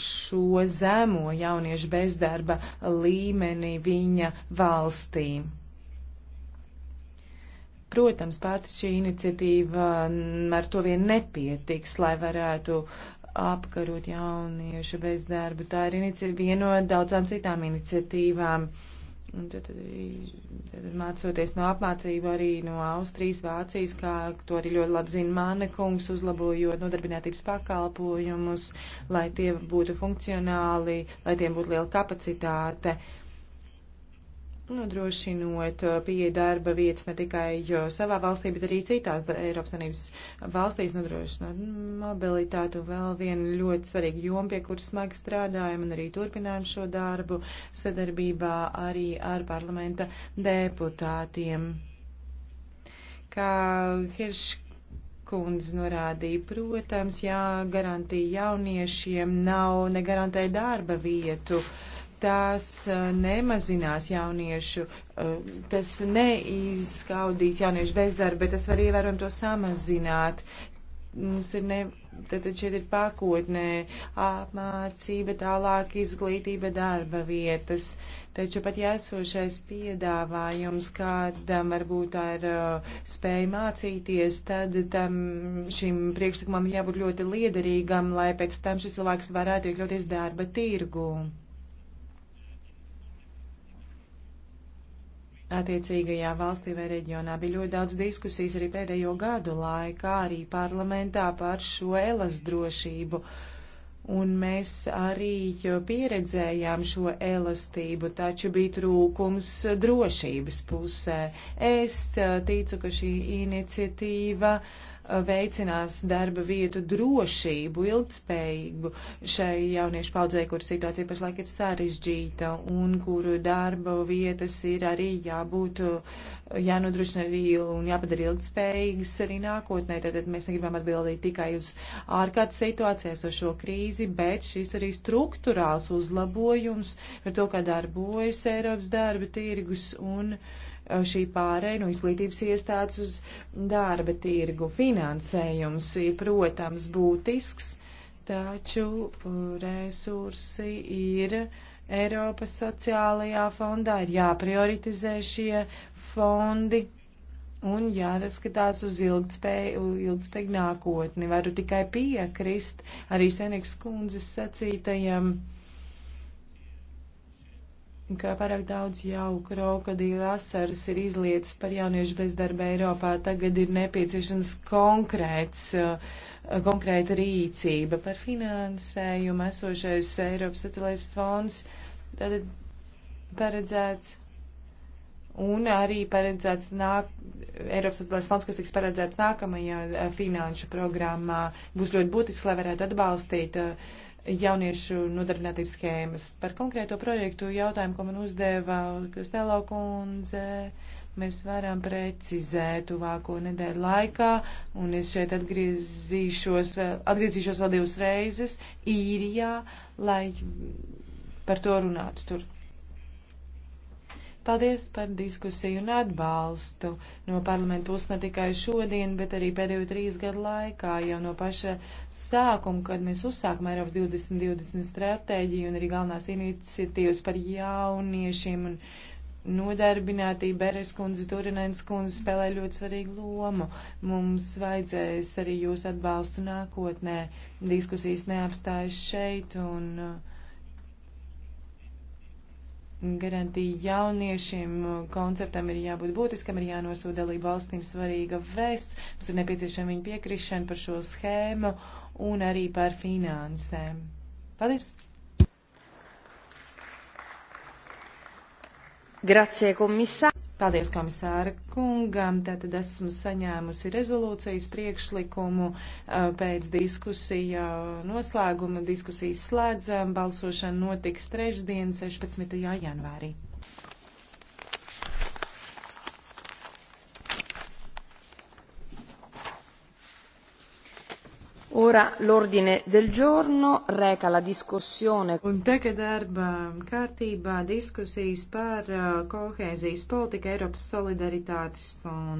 šo zemo jauniešu bezdarba līmeni viņa valstī. Protams, pati šī iniciatīva ar to vien nepietiks, lai varētu apkarot jauniešu bezdarbu. Tā ir viena no daudzām citām iniciatīvām. Uh, Un tad, tad mācoties no apmācību arī no Austrijas, Vācijas, kā to arī ļoti labi zina mana kungs, uzlabojot nodarbinātības pakalpojumus, lai tie būtu funkcionāli, lai tiem būtu liela kapacitāte. Uh, nodrošinot uh, pieeja darba vietas ne tikai uh, savā valstī, bet arī citās Eiropas Savienības valstīs, nodrošinot nu, mobilitātu. Vēl viena ļoti svarīga joma, pie kuras smagi strādājam un arī turpinājam šo darbu sadarbībā arī ar parlamenta deputātiem. Kā Hirš kundze norādīja, protams, jā, garantija jauniešiem nav negarantēja darba vietu. Uh, tās eh, nemazinās jauniešu, eh, tas neizskaudīs jauniešu bezdarbu, bet tas var ievērojami to samazināt. Mums ir ne, tad šeit ir pakotnē apmācība, tālāk izglītība, darba vietas. Taču pat jāsošais piedāvājums, kādam varbūt tā ir eh, spēja mācīties, tad tam šim priekšlikumam jābūt ļoti liederīgam, lai pēc tam šis cilvēks varētu iekļauties darba tirgū. attiecīgajā valstī vai reģionā. Bija ļoti daudz diskusijas arī pēdējo gadu laikā, arī parlamentā par šo elas drošību. Un mēs arī pieredzējām šo elastību, taču bija trūkums drošības pusē. Es uh, ticu, ka šī iniciatīva uh, veicinās darba vietu drošību, ilgspējīgu šai jauniešu paudzē, kur situācija pašlaik ir sarežģīta un kuru darba vietas ir arī jābūt, jānodrošina arī un jāpadara ilgspējīgas arī nākotnē. Tātad mēs negribam atbildīt tikai uz ārkārtas situācijas ar šo krīzi, bet šis arī struktūrāls uzlabojums par to, kā darbojas Eiropas darba tirgus un uh, Eh, šī pārēja no izglītības iestādes uz darba tirgu. Finansējums ir, protams, būtisks, taču eh, resursi ir Eiropas sociālajā fondā, ir jāprioritizē šie fondi. Un jāraskatās uz ilgspēju, ilgspēju nākotni. Varu tikai piekrist arī Seneks kundzes sacītajam. Um, ka pārāk daudz jau krokodīla asaras ir izlietas par jauniešu bezdarba Eiropā. Tagad ir nepieciešams konkrēts, uh, konkrēta rīcība par finansējumu esošais Eiropas sociālais fonds. Tātad paredzēts. Un arī paredzēts nāk, Eiropas sociālais fonds, kas tiks paredzēts nākamajā uh, finanšu programmā, būs ļoti būtisks, lai varētu atbalstīt uh, jauniešu nodarbinātības schēmas. Par konkrēto projektu jautājumu, ko man uzdeva Kristēlo kundze, mēs varam precizēt tuvāko nedēļu laikā, un es šeit atgriezīšos vēl, atgriezīšos vēl divas reizes īrijā, lai par to runātu tur. Paldies par diskusiju un atbalstu no parlamenta puses ne tikai šodien, bet arī pēdējo trīs gadu laikā, jau no paša sākuma, kad mēs uzsākam Eiropa 2020 stratēģiju un arī galvenās iniciatīvas par jauniešiem un nodarbinātību. Beres kundze, Turinēns kundze spēlē ļoti svarīgu lomu. Mums vajadzēs arī jūs atbalstu nākotnē. Diskusijas neapstājas šeit un. Uh, garantija jauniešiem uh, konceptam ir jābūt būtiskam, ir jānosūta dalību valstīm svarīga vēsts, mums ir nepieciešama viņa piekrišana par šo schēmu un arī par finansēm. Paldies! Grazie, komisār! Paldies komisāra kungam. Tātad esmu saņēmusi rezolūcijas priekšlikumu pēc diskusija noslēguma. Diskusijas slēdzam. Balsošana notiks trešdien, 16. janvārī. Ora l'ordine del giorno reca la discussione. Un tagad darba kārtībā diskusijas par uh, kohēzijas politiku Eiropas solidaritātes fondu.